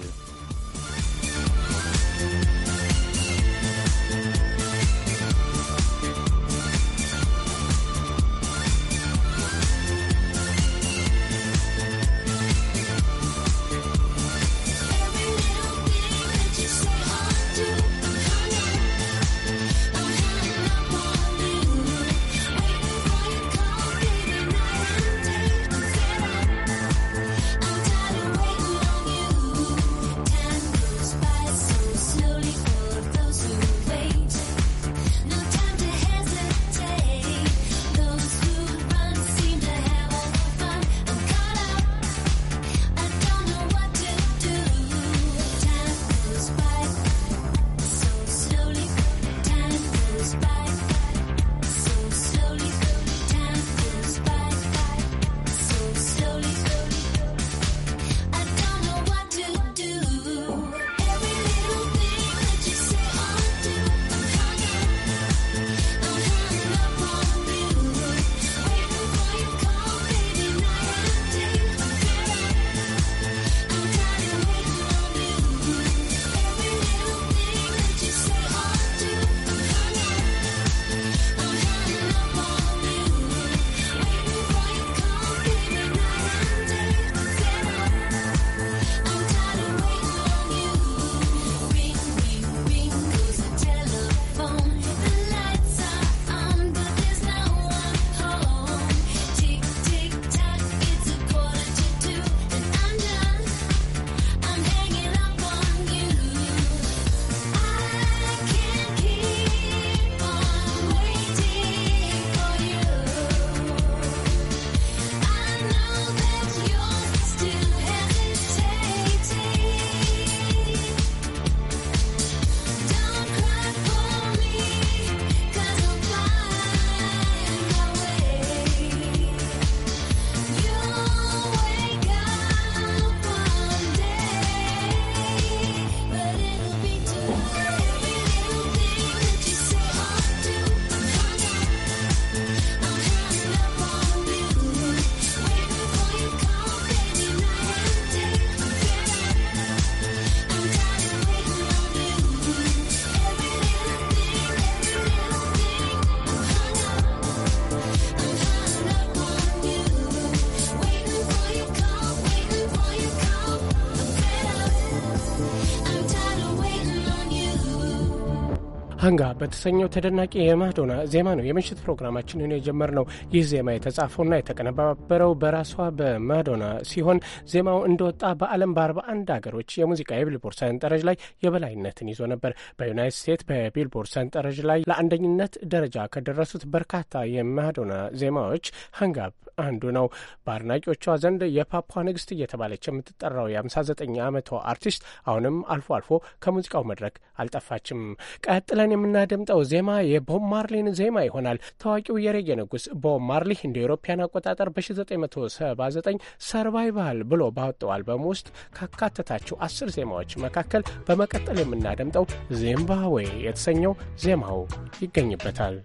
[SPEAKER 6] ሀንጋ በተሰኘው ተደናቂ የማዶና ዜማ ነው የምሽት ፕሮግራማችንን የጀመርነው። ይህ ዜማ የተጻፈውና የተቀነባበረው በራሷ በማዶና ሲሆን ዜማው እንደወጣ በዓለም በ41 ሀገሮች የሙዚቃ የቢልቦርድ ሰንጠረዥ ላይ የበላይነትን ይዞ ነበር። በዩናይት ስቴትስ በቢልቦርድ ሰንጠረዥ ላይ ለአንደኝነት ደረጃ ከደረሱት በርካታ የማዶና ዜማዎች ሃንጋ አንዱ ነው። በአድናቂዎቿ ዘንድ የፓፓ ንግስት እየተባለች የምትጠራው የ59 ዓመቷ አርቲስት አሁንም አልፎ አልፎ ከሙዚቃው መድረክ አልጠፋችም። ቀጥለን የምናደምጠው ዜማ የቦብ ማርሊን ዜማ ይሆናል። ታዋቂው የሬጌ ንጉስ ቦብ ማርሊ እንደ ኤሮፓያን አቆጣጠር በ1979 ሰርቫይቫል ብሎ ባወጣው አልበም ውስጥ ካካተታቸው አስር ዜማዎች መካከል በመቀጠል የምናደምጠው ዚምባብዌ የተሰኘው ዜማው ይገኝበታል።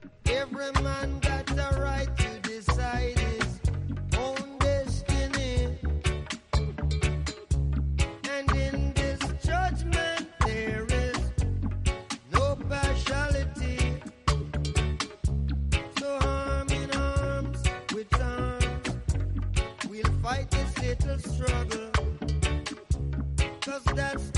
[SPEAKER 7] Every man got the right to decide fight little struggle. Cause that's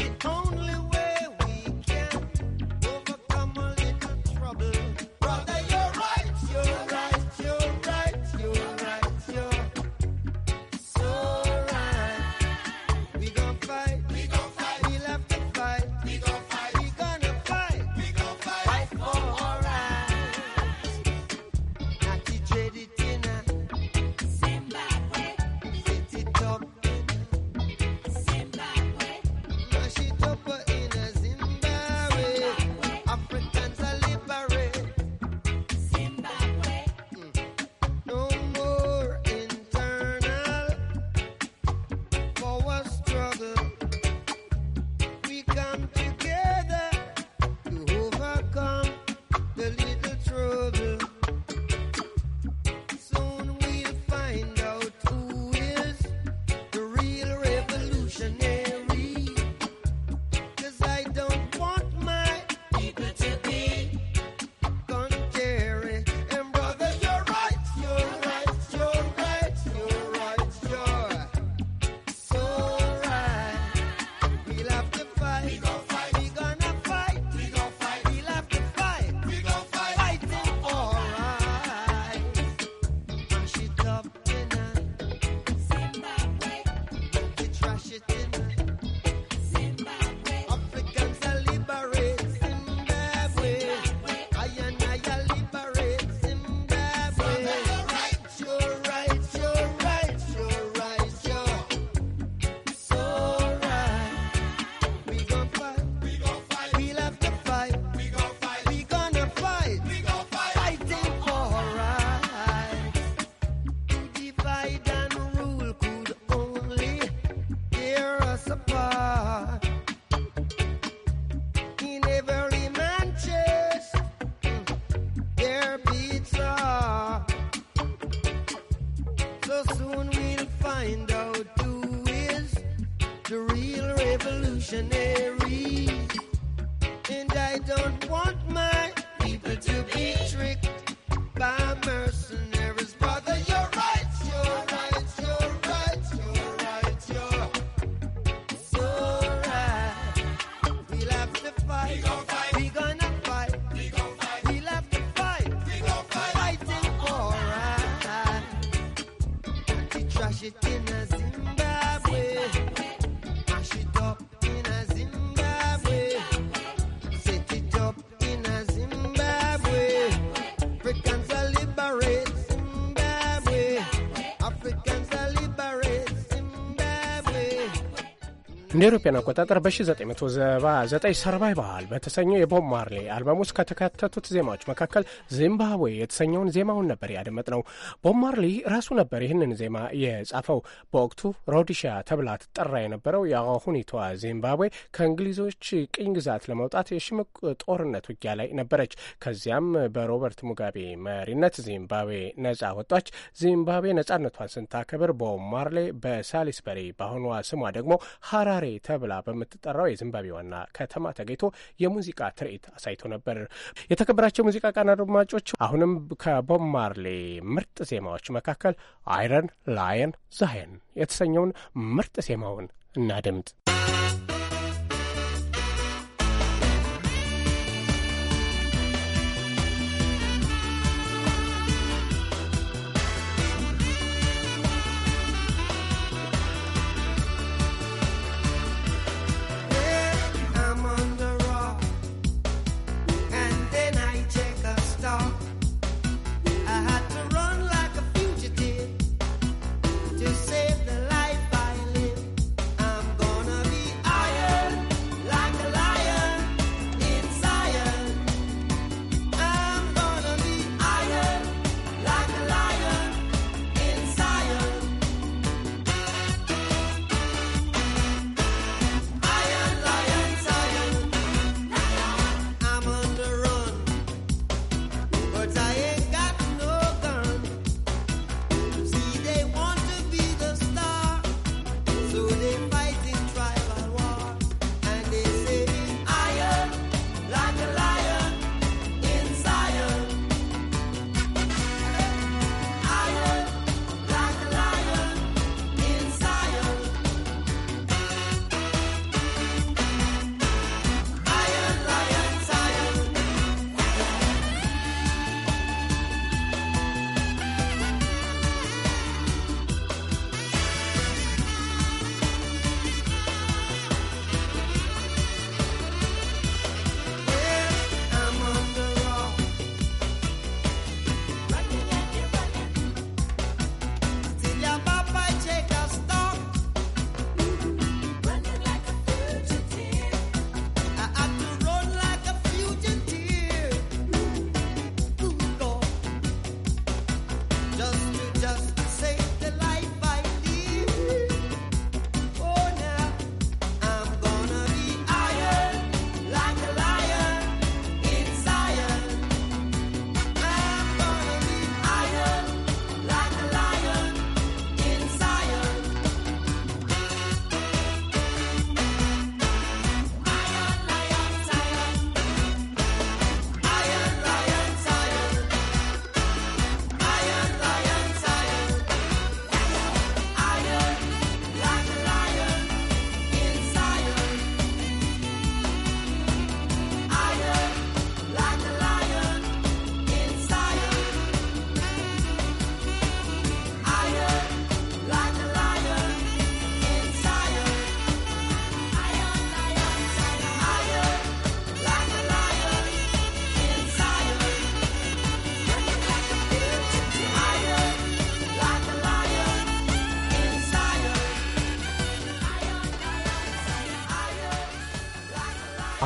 [SPEAKER 6] እንደ ኢሮፓውያን አቆጣጠር በ1979 ሰርቫይቫል በተሰኘው የቦብ ማርሌ አልበም ውስጥ ከተካተቱት ዜማዎች መካከል ዚምባብዌ የተሰኘውን ዜማውን ነበር ያደመጥ ነው። ቦብ ማርሌ ራሱ ነበር ይህንን ዜማ የጻፈው። በወቅቱ ሮዲሻ ተብላ ትጠራ የነበረው የአሁኒቷ ዚምባብዌ ከእንግሊዞች ቅኝ ግዛት ለመውጣት የሽምቅ ጦርነት ውጊያ ላይ ነበረች። ከዚያም በሮበርት ሙጋቤ መሪነት ዚምባብዌ ነጻ ወጣች። ዚምባብዌ ነጻነቷን ስንታከብር ቦብ ማርሌ በሳሊስበሪ በአሁኗ ስሟ ደግሞ ሀራሬ ሞሮይ ተብላ በምትጠራው የዚምባብዌ ዋና ከተማ ተገኝቶ የሙዚቃ ትርኢት አሳይቶ ነበር። የተከበራቸው ሙዚቃ ቃና አድማጮች፣ አሁንም ከቦብ ማርሌ ምርጥ ዜማዎች መካከል አይረን ላየን ዛየን የተሰኘውን ምርጥ ዜማውን እናድምጥ።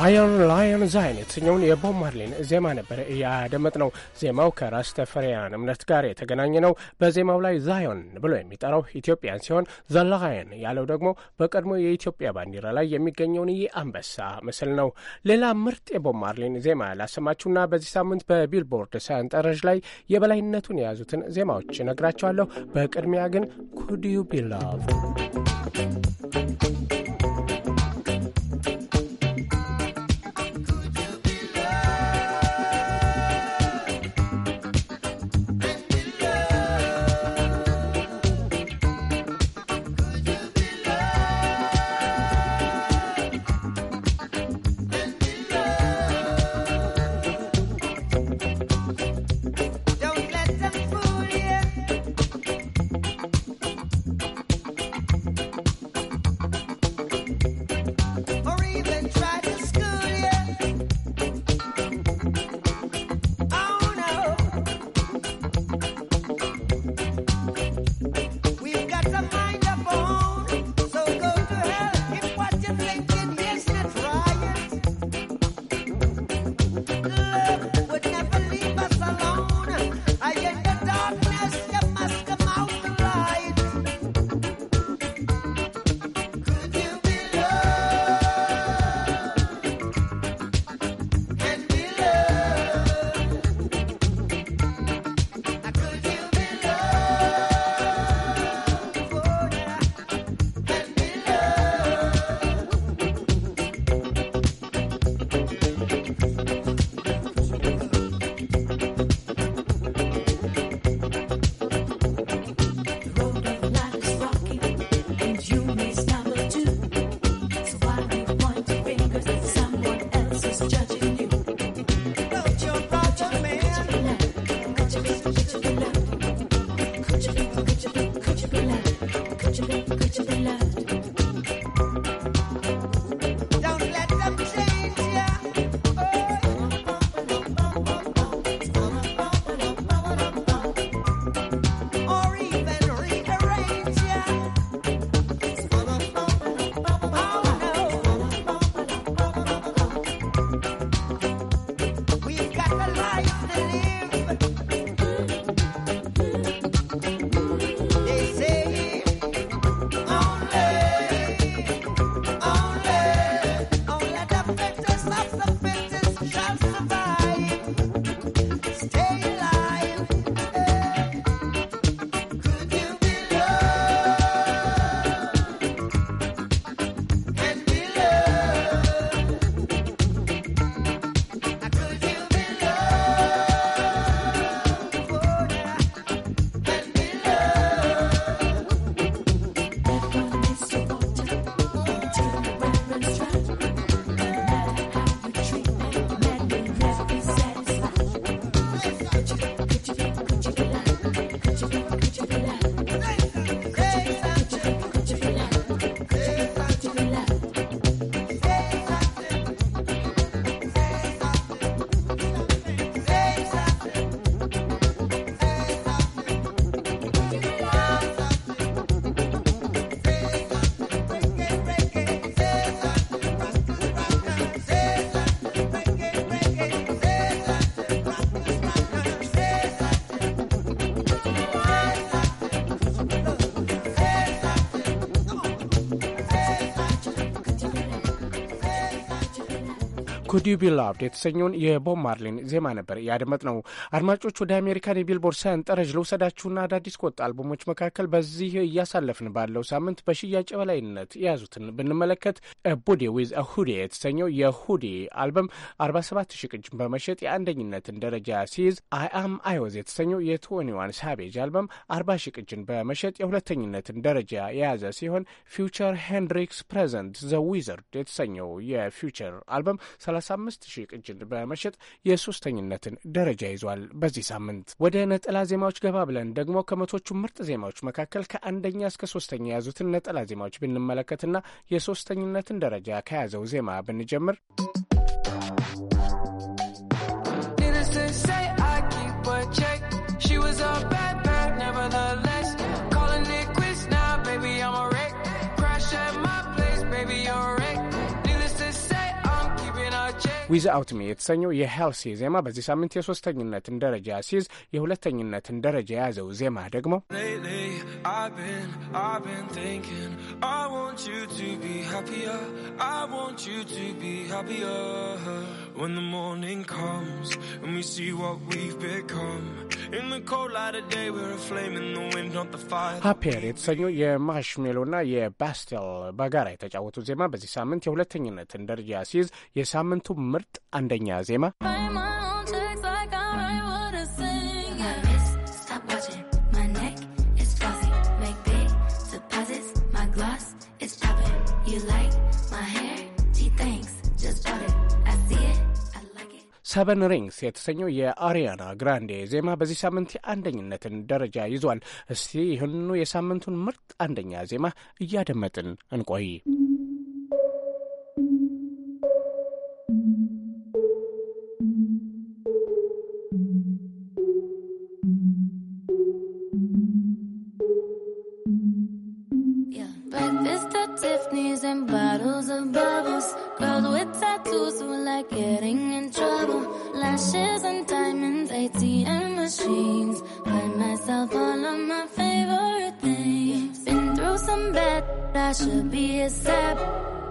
[SPEAKER 6] ላየር ላየር ዛይን የተሰኘውን የቦብ ማርሊን ዜማ ነበር ያደመጥነው። ዜማው ከራስተፈሪያን እምነት ጋር የተገናኘ ነው። በዜማው ላይ ዛዮን ብሎ የሚጠራው ኢትዮጵያን ሲሆን ዘላየን ያለው ደግሞ በቀድሞ የኢትዮጵያ ባንዲራ ላይ የሚገኘውን የአንበሳ ምስል ነው። ሌላ ምርጥ የቦብ ማርሊን ዜማ ላሰማችሁና በዚህ ሳምንት በቢልቦርድ ሰንጠረዥ ላይ የበላይነቱን የያዙትን ዜማዎች እነግራቸዋለሁ። በቅድሚያ ግን ኩድ ዩ ቢ ኩድ ዩ ቢ ላቭድ የተሰኘውን የቦብ ማርሊን ዜማ ነበር ያደመጥ ነው። አድማጮች ወደ አሜሪካን የቢልቦርድ ሰንጠረዥ ልውሰዳችሁና አዳዲስ ከወጡ አልበሞች መካከል በዚህ እያሳለፍን ባለው ሳምንት በሽያጭ በላይነት የያዙትን ብንመለከት ቡዲ ዊዝ ሁዴ የተሰኘው የሁዴ አልበም 47 ሺህ ቅጅን በመሸጥ የአንደኝነትን ደረጃ ሲይዝ፣ አይ አም አይወዝ የተሰኘው የትወኒዋን ሳቤጅ አልበም 40 ሺህ ቅጅን በመሸጥ የሁለተኝነትን ደረጃ የያዘ ሲሆን ፊውቸር ሄንድሪክስ ፕሬዘንት ዘ ዊዘርድ የተሰኘው የፊውቸር አልበም 35 ሺህ ቅጅን በመሸጥ የሶስተኝነትን ደረጃ ይዟል። በዚህ ሳምንት ወደ ነጠላ ዜማዎች ገባ ብለን ደግሞ ከመቶቹ ምርጥ ዜማዎች መካከል ከአንደኛ እስከ ሶስተኛ የያዙትን ነጠላ ዜማዎች ብንመለከትና የሶስተኝነትን ደረጃ ከያዘው ዜማ ብንጀምር ዊዝ አውት ሚ የተሰኘው የሄልሲ ዜማ በዚህ ሳምንት የሶስተኝነትን ደረጃ ሲይዝ፣ የሁለተኝነትን ደረጃ የያዘው ዜማ ደግሞ ሀፔር የተሰኘው የማሽሜሎና የባስቴል በጋራ የተጫወቱት ዜማ በዚህ ሳምንት የሁለተኝነትን ደረጃ ሲይዝ የሳምንቱ ምርጥ አንደኛ ዜማ ሰቨን ሪንግስ የተሰኘው የአሪያና ግራንዴ ዜማ በዚህ ሳምንት የአንደኝነትን ደረጃ ይዟል። እስቲ ይህኑ የሳምንቱን ምርጥ አንደኛ ዜማ እያደመጥን እንቆይ።
[SPEAKER 8] Mr. Tiffany's and bottles of bubbles. Girls with tattoos who like getting in trouble. Lashes and diamonds, ATM machines. Buy myself all of my favorite things. Been through some bad, I should be a sap.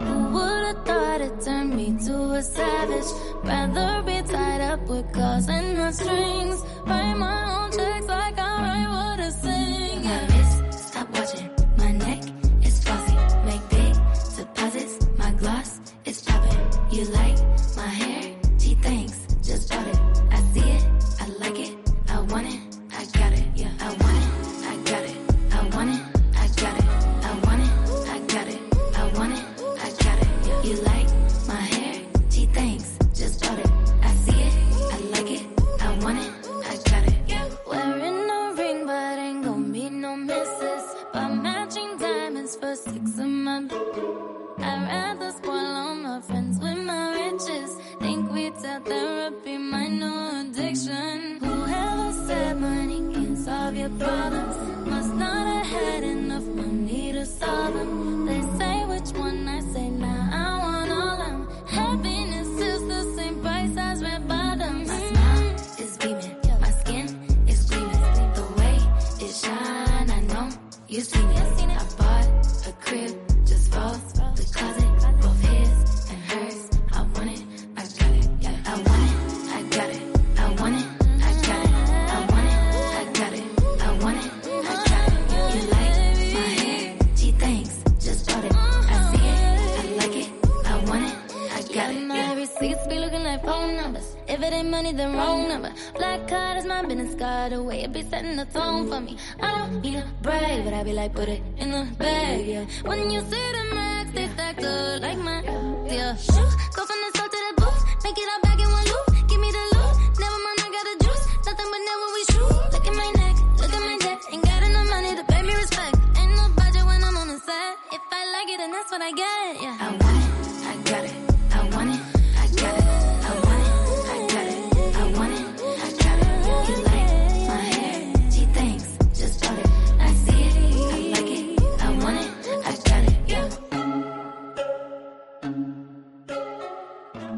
[SPEAKER 8] Who would've thought it turned me to a savage? Rather be tied up with claws and the strings. Write my own checks like I write what I sing. What I get it. Yeah.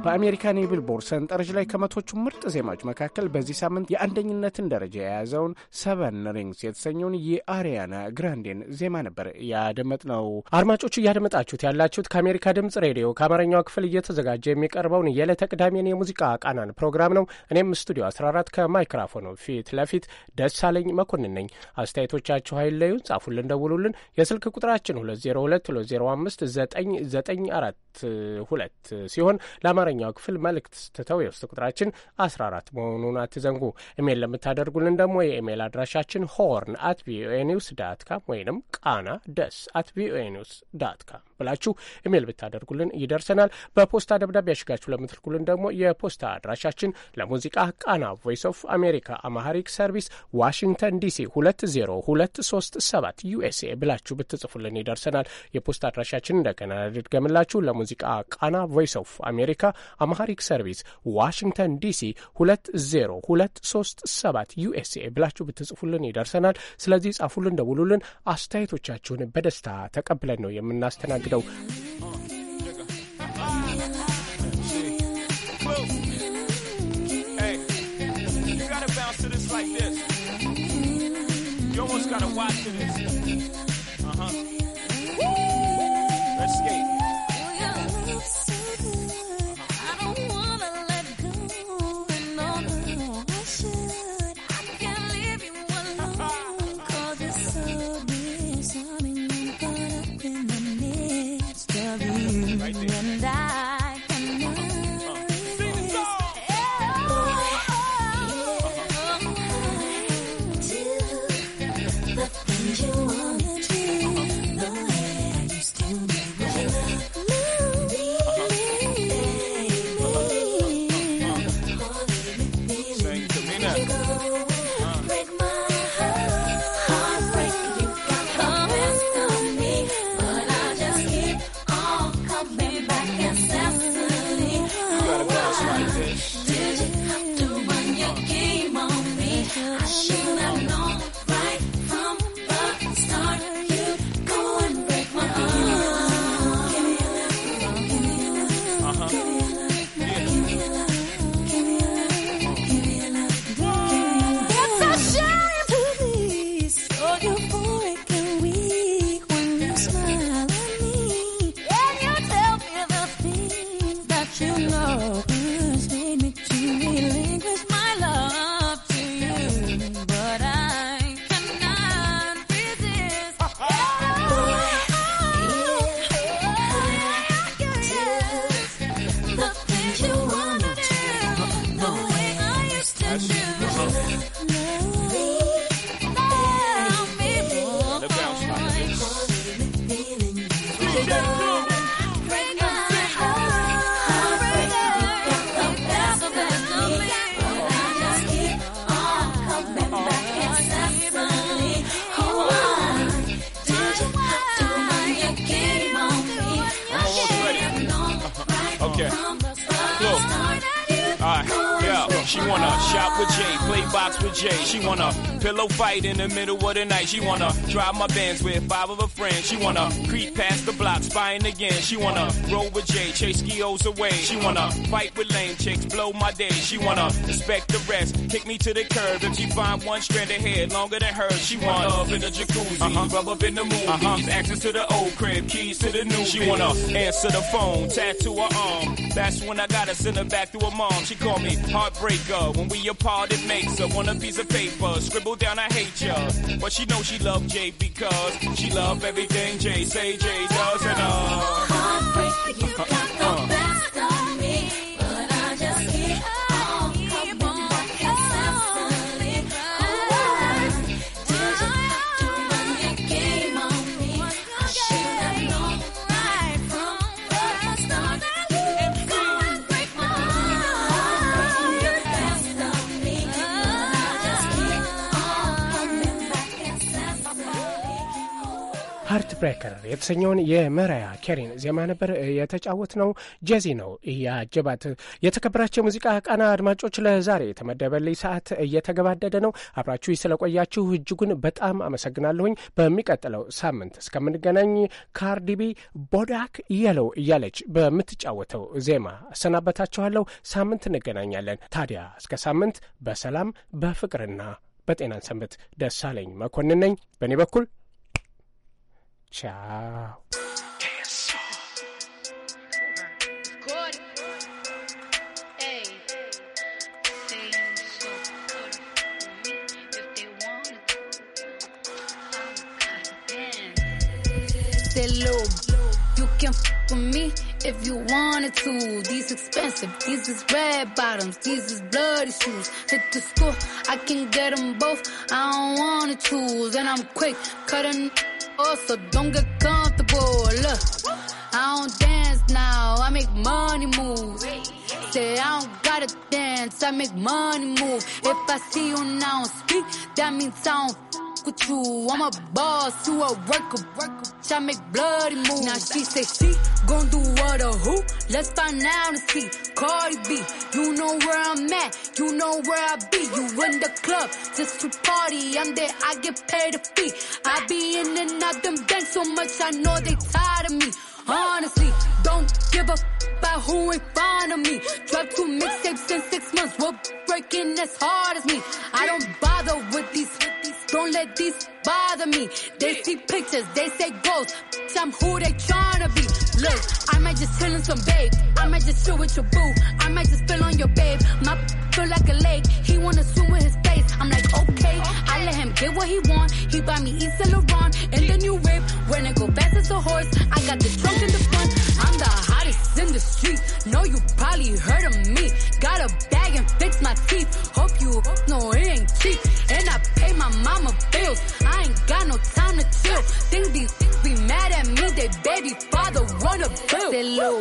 [SPEAKER 6] በአሜሪካን የቢልቦርድ ሰንጠረዥ ላይ ከመቶቹ ምርጥ ዜማዎች መካከል በዚህ ሳምንት የአንደኝነትን ደረጃ የያዘውን ሰቨን ሪንግስ የተሰኘውን የአሪያና ግራንዴን ዜማ ነበር ነው። አድማጮቹ እያደመጣችሁት ያላችሁት ከአሜሪካ ድምጽ ሬዲዮ ከአማርኛው ክፍል እየተዘጋጀ የሚቀርበውን የዕለተ ቅዳሜን የሙዚቃ ቃናን ፕሮግራም ነው። እኔም ስቱዲዮ 14 ከማይክሮፎኑ ፊት ለፊት ደሳለኝ መኮንን ነኝ። አስተያየቶቻችሁ አይለዩን፣ ጻፉልን፣ ደውሉልን። የስልክ ቁጥራችን 2022059942 ሲሆን ለአማርኛ ሁለተኛው ክፍል መልእክት ስትተው የውስጥ ቁጥራችን 14 መሆኑን አትዘንጉ። ኢሜይል ለምታደርጉልን ደግሞ የኢሜይል አድራሻችን ሆርን አት ቪኦኤ ኒውስ ዳት ካም ወይንም ቃና ደስ አት ቪኦኤ ኒውስ ዳት ካም ብላችሁ ኢሜይል ብታደርጉልን ይደርሰናል። በፖስታ ደብዳቤ ያሽጋችሁ ለምትልኩልን ደግሞ የፖስታ አድራሻችን ለሙዚቃ ቃና ቮይስ ኦፍ አሜሪካ አማሃሪክ ሰርቪስ ዋሽንግተን ዲሲ 20237 ዩኤስኤ ብላችሁ ብትጽፉልን ይደርሰናል። የፖስታ አድራሻችን እንደገና ልድገምላችሁ። ለሙዚቃ ቃና ቮይስ ኦፍ አሜሪካ አማሃሪክ ሰርቪስ ዋሽንግተን ዲሲ 20237 ዩኤስኤ ብላችሁ ብትጽፉልን ይደርሰናል። ስለዚህ ጻፉልን፣ ደውሉልን። አስተያየቶቻችሁን በደስታ ተቀብለን ነው የምናስተናግደው።
[SPEAKER 9] You almost gotta watch it. Uh huh. Yeah. She wanna shop with Jay, play box with Jay. She wanna pillow fight in the middle of the night. She wanna drive my bands with five of her friends. She wanna creep past the block, spying again. She wanna roll with Jay, chase skios away. She wanna fight with lame chicks, blow my day. She wanna inspect the rest, kick me to the curb. If she find one strand of hair longer than hers, she want to love in the jacuzzi, uh-huh. rub up in the movies, uh-huh. access to the old crib, keys to the new. She wanna answer the phone, tattoo her arm. That's when I gotta send her back to her mom. She called me heartbreak maker. When we apart, it makes her want a piece of paper. Scribble down, I hate ya. But she knows she loved Jay because she loved everything Jay say Jay does and all.
[SPEAKER 6] ብሬከር የተሰኘውን የመሪያ ኬሪን ዜማ ነበር የተጫወት ነው። ጄዚ ነው ያጀባት። የተከበራቸው የሙዚቃ ቃና አድማጮች ለዛሬ የተመደበልኝ ሰዓት እየተገባደደ ነው። አብራችሁ ስለቆያችሁ እጅጉን በጣም አመሰግናለሁኝ። በሚቀጥለው ሳምንት እስከምንገናኝ ካርዲቢ ቦዳክ የለው እያለች በምትጫወተው ዜማ አሰናበታችኋለሁ። ሳምንት እንገናኛለን። ታዲያ እስከ ሳምንት በሰላም በፍቅርና በጤናን ሰንበት። ደሳለኝ መኮንን ነኝ በእኔ በኩል Chao. You
[SPEAKER 10] can fuck with me if you wanted to. These expensive, these is red bottoms, these is bloody shoes. Hit the school, I can get them both. I don't wanna choose, and I'm quick cutting so don't get comfortable. Look, I don't dance now, I make money move. Say I don't gotta dance, I make money move. If I see you now speak, that means I don't fuck with you. I'm a boss, you a worker. worker. I make bloody moves. Now she say she gon' do what or who? Let's find out and see. Cardi B, you know where I'm at, you know where I be. You in the club just to party. I'm there, I get paid a fee. I be in and out them banks so much, I know they tired of me. Honestly, don't give a f- about who in front of me. Drop two mixtapes in six months, we're breaking as hard as me. I don't bother with these. Don't let these bother me. They see pictures, they say ghosts. I'm who they tryna be. Look, I might just chill in some babe. I might just chill with your boo. I might just spill on your babe. My feel like a lake. He wanna swim with his face. I'm like, okay. I let him get what he want. He buy me East and Laurent in the new whip. When I go fast as a horse, I got the trunk in the front. I'm the hottest in the street. Know you probably heard of me. Got a bag and fix my teeth. Hope you know it ain't cheap. And I pay my mama bills. I ain't got no time to chill. Think these be mad at me. They baby father on low, bill.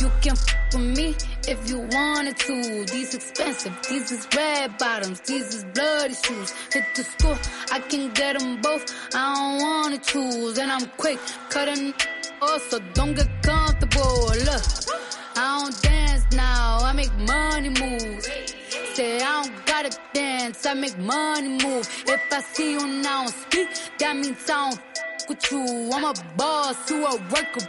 [SPEAKER 10] you can f with me if you wanted to. These expensive, these is red bottoms, these is bloody shoes. Hit the store, I can get them both. I don't wanna choose, and I'm quick cutting off, so don't get comfortable. Look, I don't dance now, I make money moves. Say I don't gotta dance, I make money move. If I see you now speak, that means I don't fuck with you. I'm a boss, you a worker.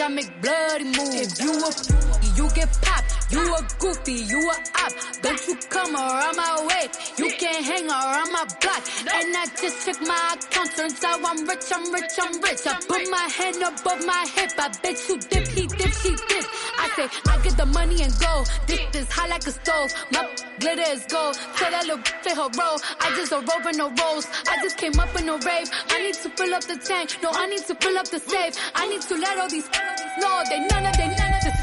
[SPEAKER 10] I make bloody moves. If you a, you get popped you a goofy, you a op. Don't you come around my way. You can't hang around my block. And I just check my account. Turns out I'm rich, I'm rich, I'm rich. I put my hand above my hip. I bet you dip, he dip, she dip. I say, I get the money and go. This is like a stove. My glitter is gold. Tell that little fit her roll. I just a rope and no rolls. I just came up in a rave. I need to fill up the tank. No, I need to fill up the safe. I need to let all these know they none of they none of this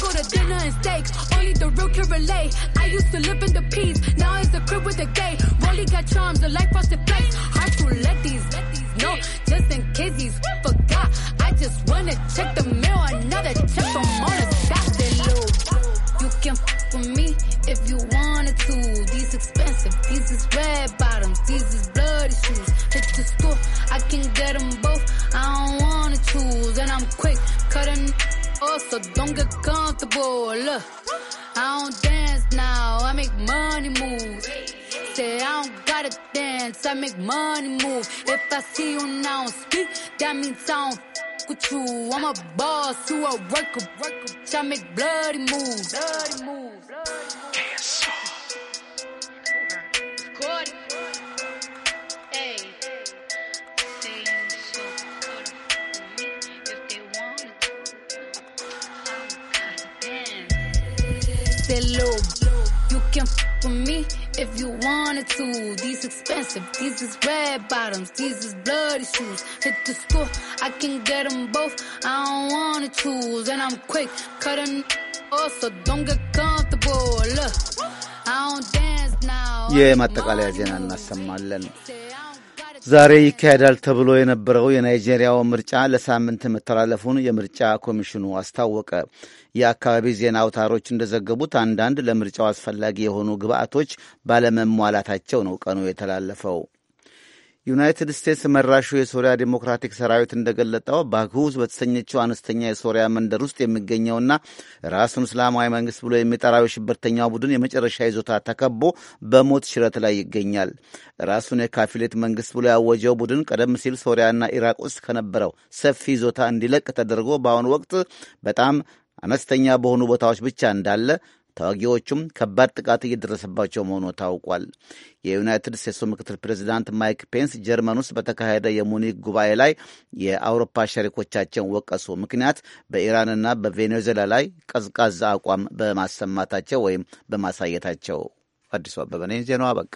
[SPEAKER 10] go to dinner and steaks. Only the real can relate. I used to live in the peace. Now it's a crib with a gay. Rolly got charms, a life frosted flakes. Hard to let these, let these know. Just in case he's forgot. I just wanna check the mail. Another check from on the loot. You can f with me if you wanted to. These expensive, these is red bottoms, these is bloody shoes. Hit the store, I can get them both. I don't wanna choose, and I'm quick cutting also so don't get comfortable. Look, I don't dance now, I make money moves. Say I don't gotta dance, I make money move. If I see you now speak, that means I don't with you. I'm a boss who a worker, worker. I make bloody moves. Bloody moves. KSR. Hey. that low. You can f with me if you wanted to. These expensive, these is red bottoms, these is bloody shoes. Hit the school, I can get them both. I don't wanna choose, and I'm quick cutting off, so don't get comfortable. Look, I don't
[SPEAKER 11] dance now. Yeah, ዛሬ ይካሄዳል ተብሎ የነበረው የናይጄሪያው ምርጫ ለሳምንት መተላለፉን የምርጫ ኮሚሽኑ አስታወቀ። የአካባቢ ዜና አውታሮች እንደዘገቡት አንዳንድ ለምርጫው አስፈላጊ የሆኑ ግብአቶች ባለመሟላታቸው ነው ቀኑ የተላለፈው። ዩናይትድ ስቴትስ መራሹ የሶሪያ ዴሞክራቲክ ሰራዊት እንደገለጠው ባግሁዝ በተሰኘችው አነስተኛ የሶሪያ መንደር ውስጥ የሚገኘውና ራሱን እስላማዊ መንግስት ብሎ የሚጠራው የሽብርተኛው ቡድን የመጨረሻ ይዞታ ተከቦ በሞት ሽረት ላይ ይገኛል። ራሱን የካፊሌት መንግስት ብሎ ያወጀው ቡድን ቀደም ሲል ሶሪያና ኢራቅ ውስጥ ከነበረው ሰፊ ይዞታ እንዲለቅ ተደርጎ በአሁኑ ወቅት በጣም አነስተኛ በሆኑ ቦታዎች ብቻ እንዳለ ተዋጊዎቹም ከባድ ጥቃት እየደረሰባቸው መሆኑ ታውቋል። የዩናይትድ ስቴትሱ ምክትል ፕሬዚዳንት ማይክ ፔንስ ጀርመን ውስጥ በተካሄደ የሙኒክ ጉባኤ ላይ የአውሮፓ ሸሪኮቻቸውን ወቀሱ። ምክንያት በኢራንና በቬኔዙዌላ ላይ ቀዝቃዛ አቋም በማሰማታቸው ወይም በማሳየታቸው። አዲሱ አበበ ነኝ። ዜናው አበቃ።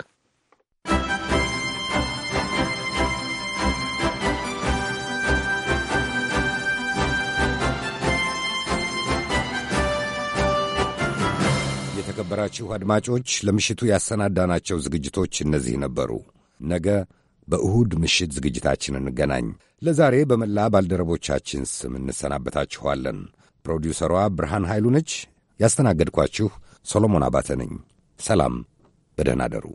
[SPEAKER 1] የተከበራችሁ አድማጮች ለምሽቱ ያሰናዳናቸው ዝግጅቶች እነዚህ ነበሩ። ነገ በእሁድ ምሽት ዝግጅታችን እንገናኝ። ለዛሬ በመላ ባልደረቦቻችን ስም እንሰናበታችኋለን። ፕሮዲውሰሯ ብርሃን ኃይሉ ነች። ያስተናገድኳችሁ ሰሎሞን አባተ ነኝ። ሰላም፣ በደህና አደሩ።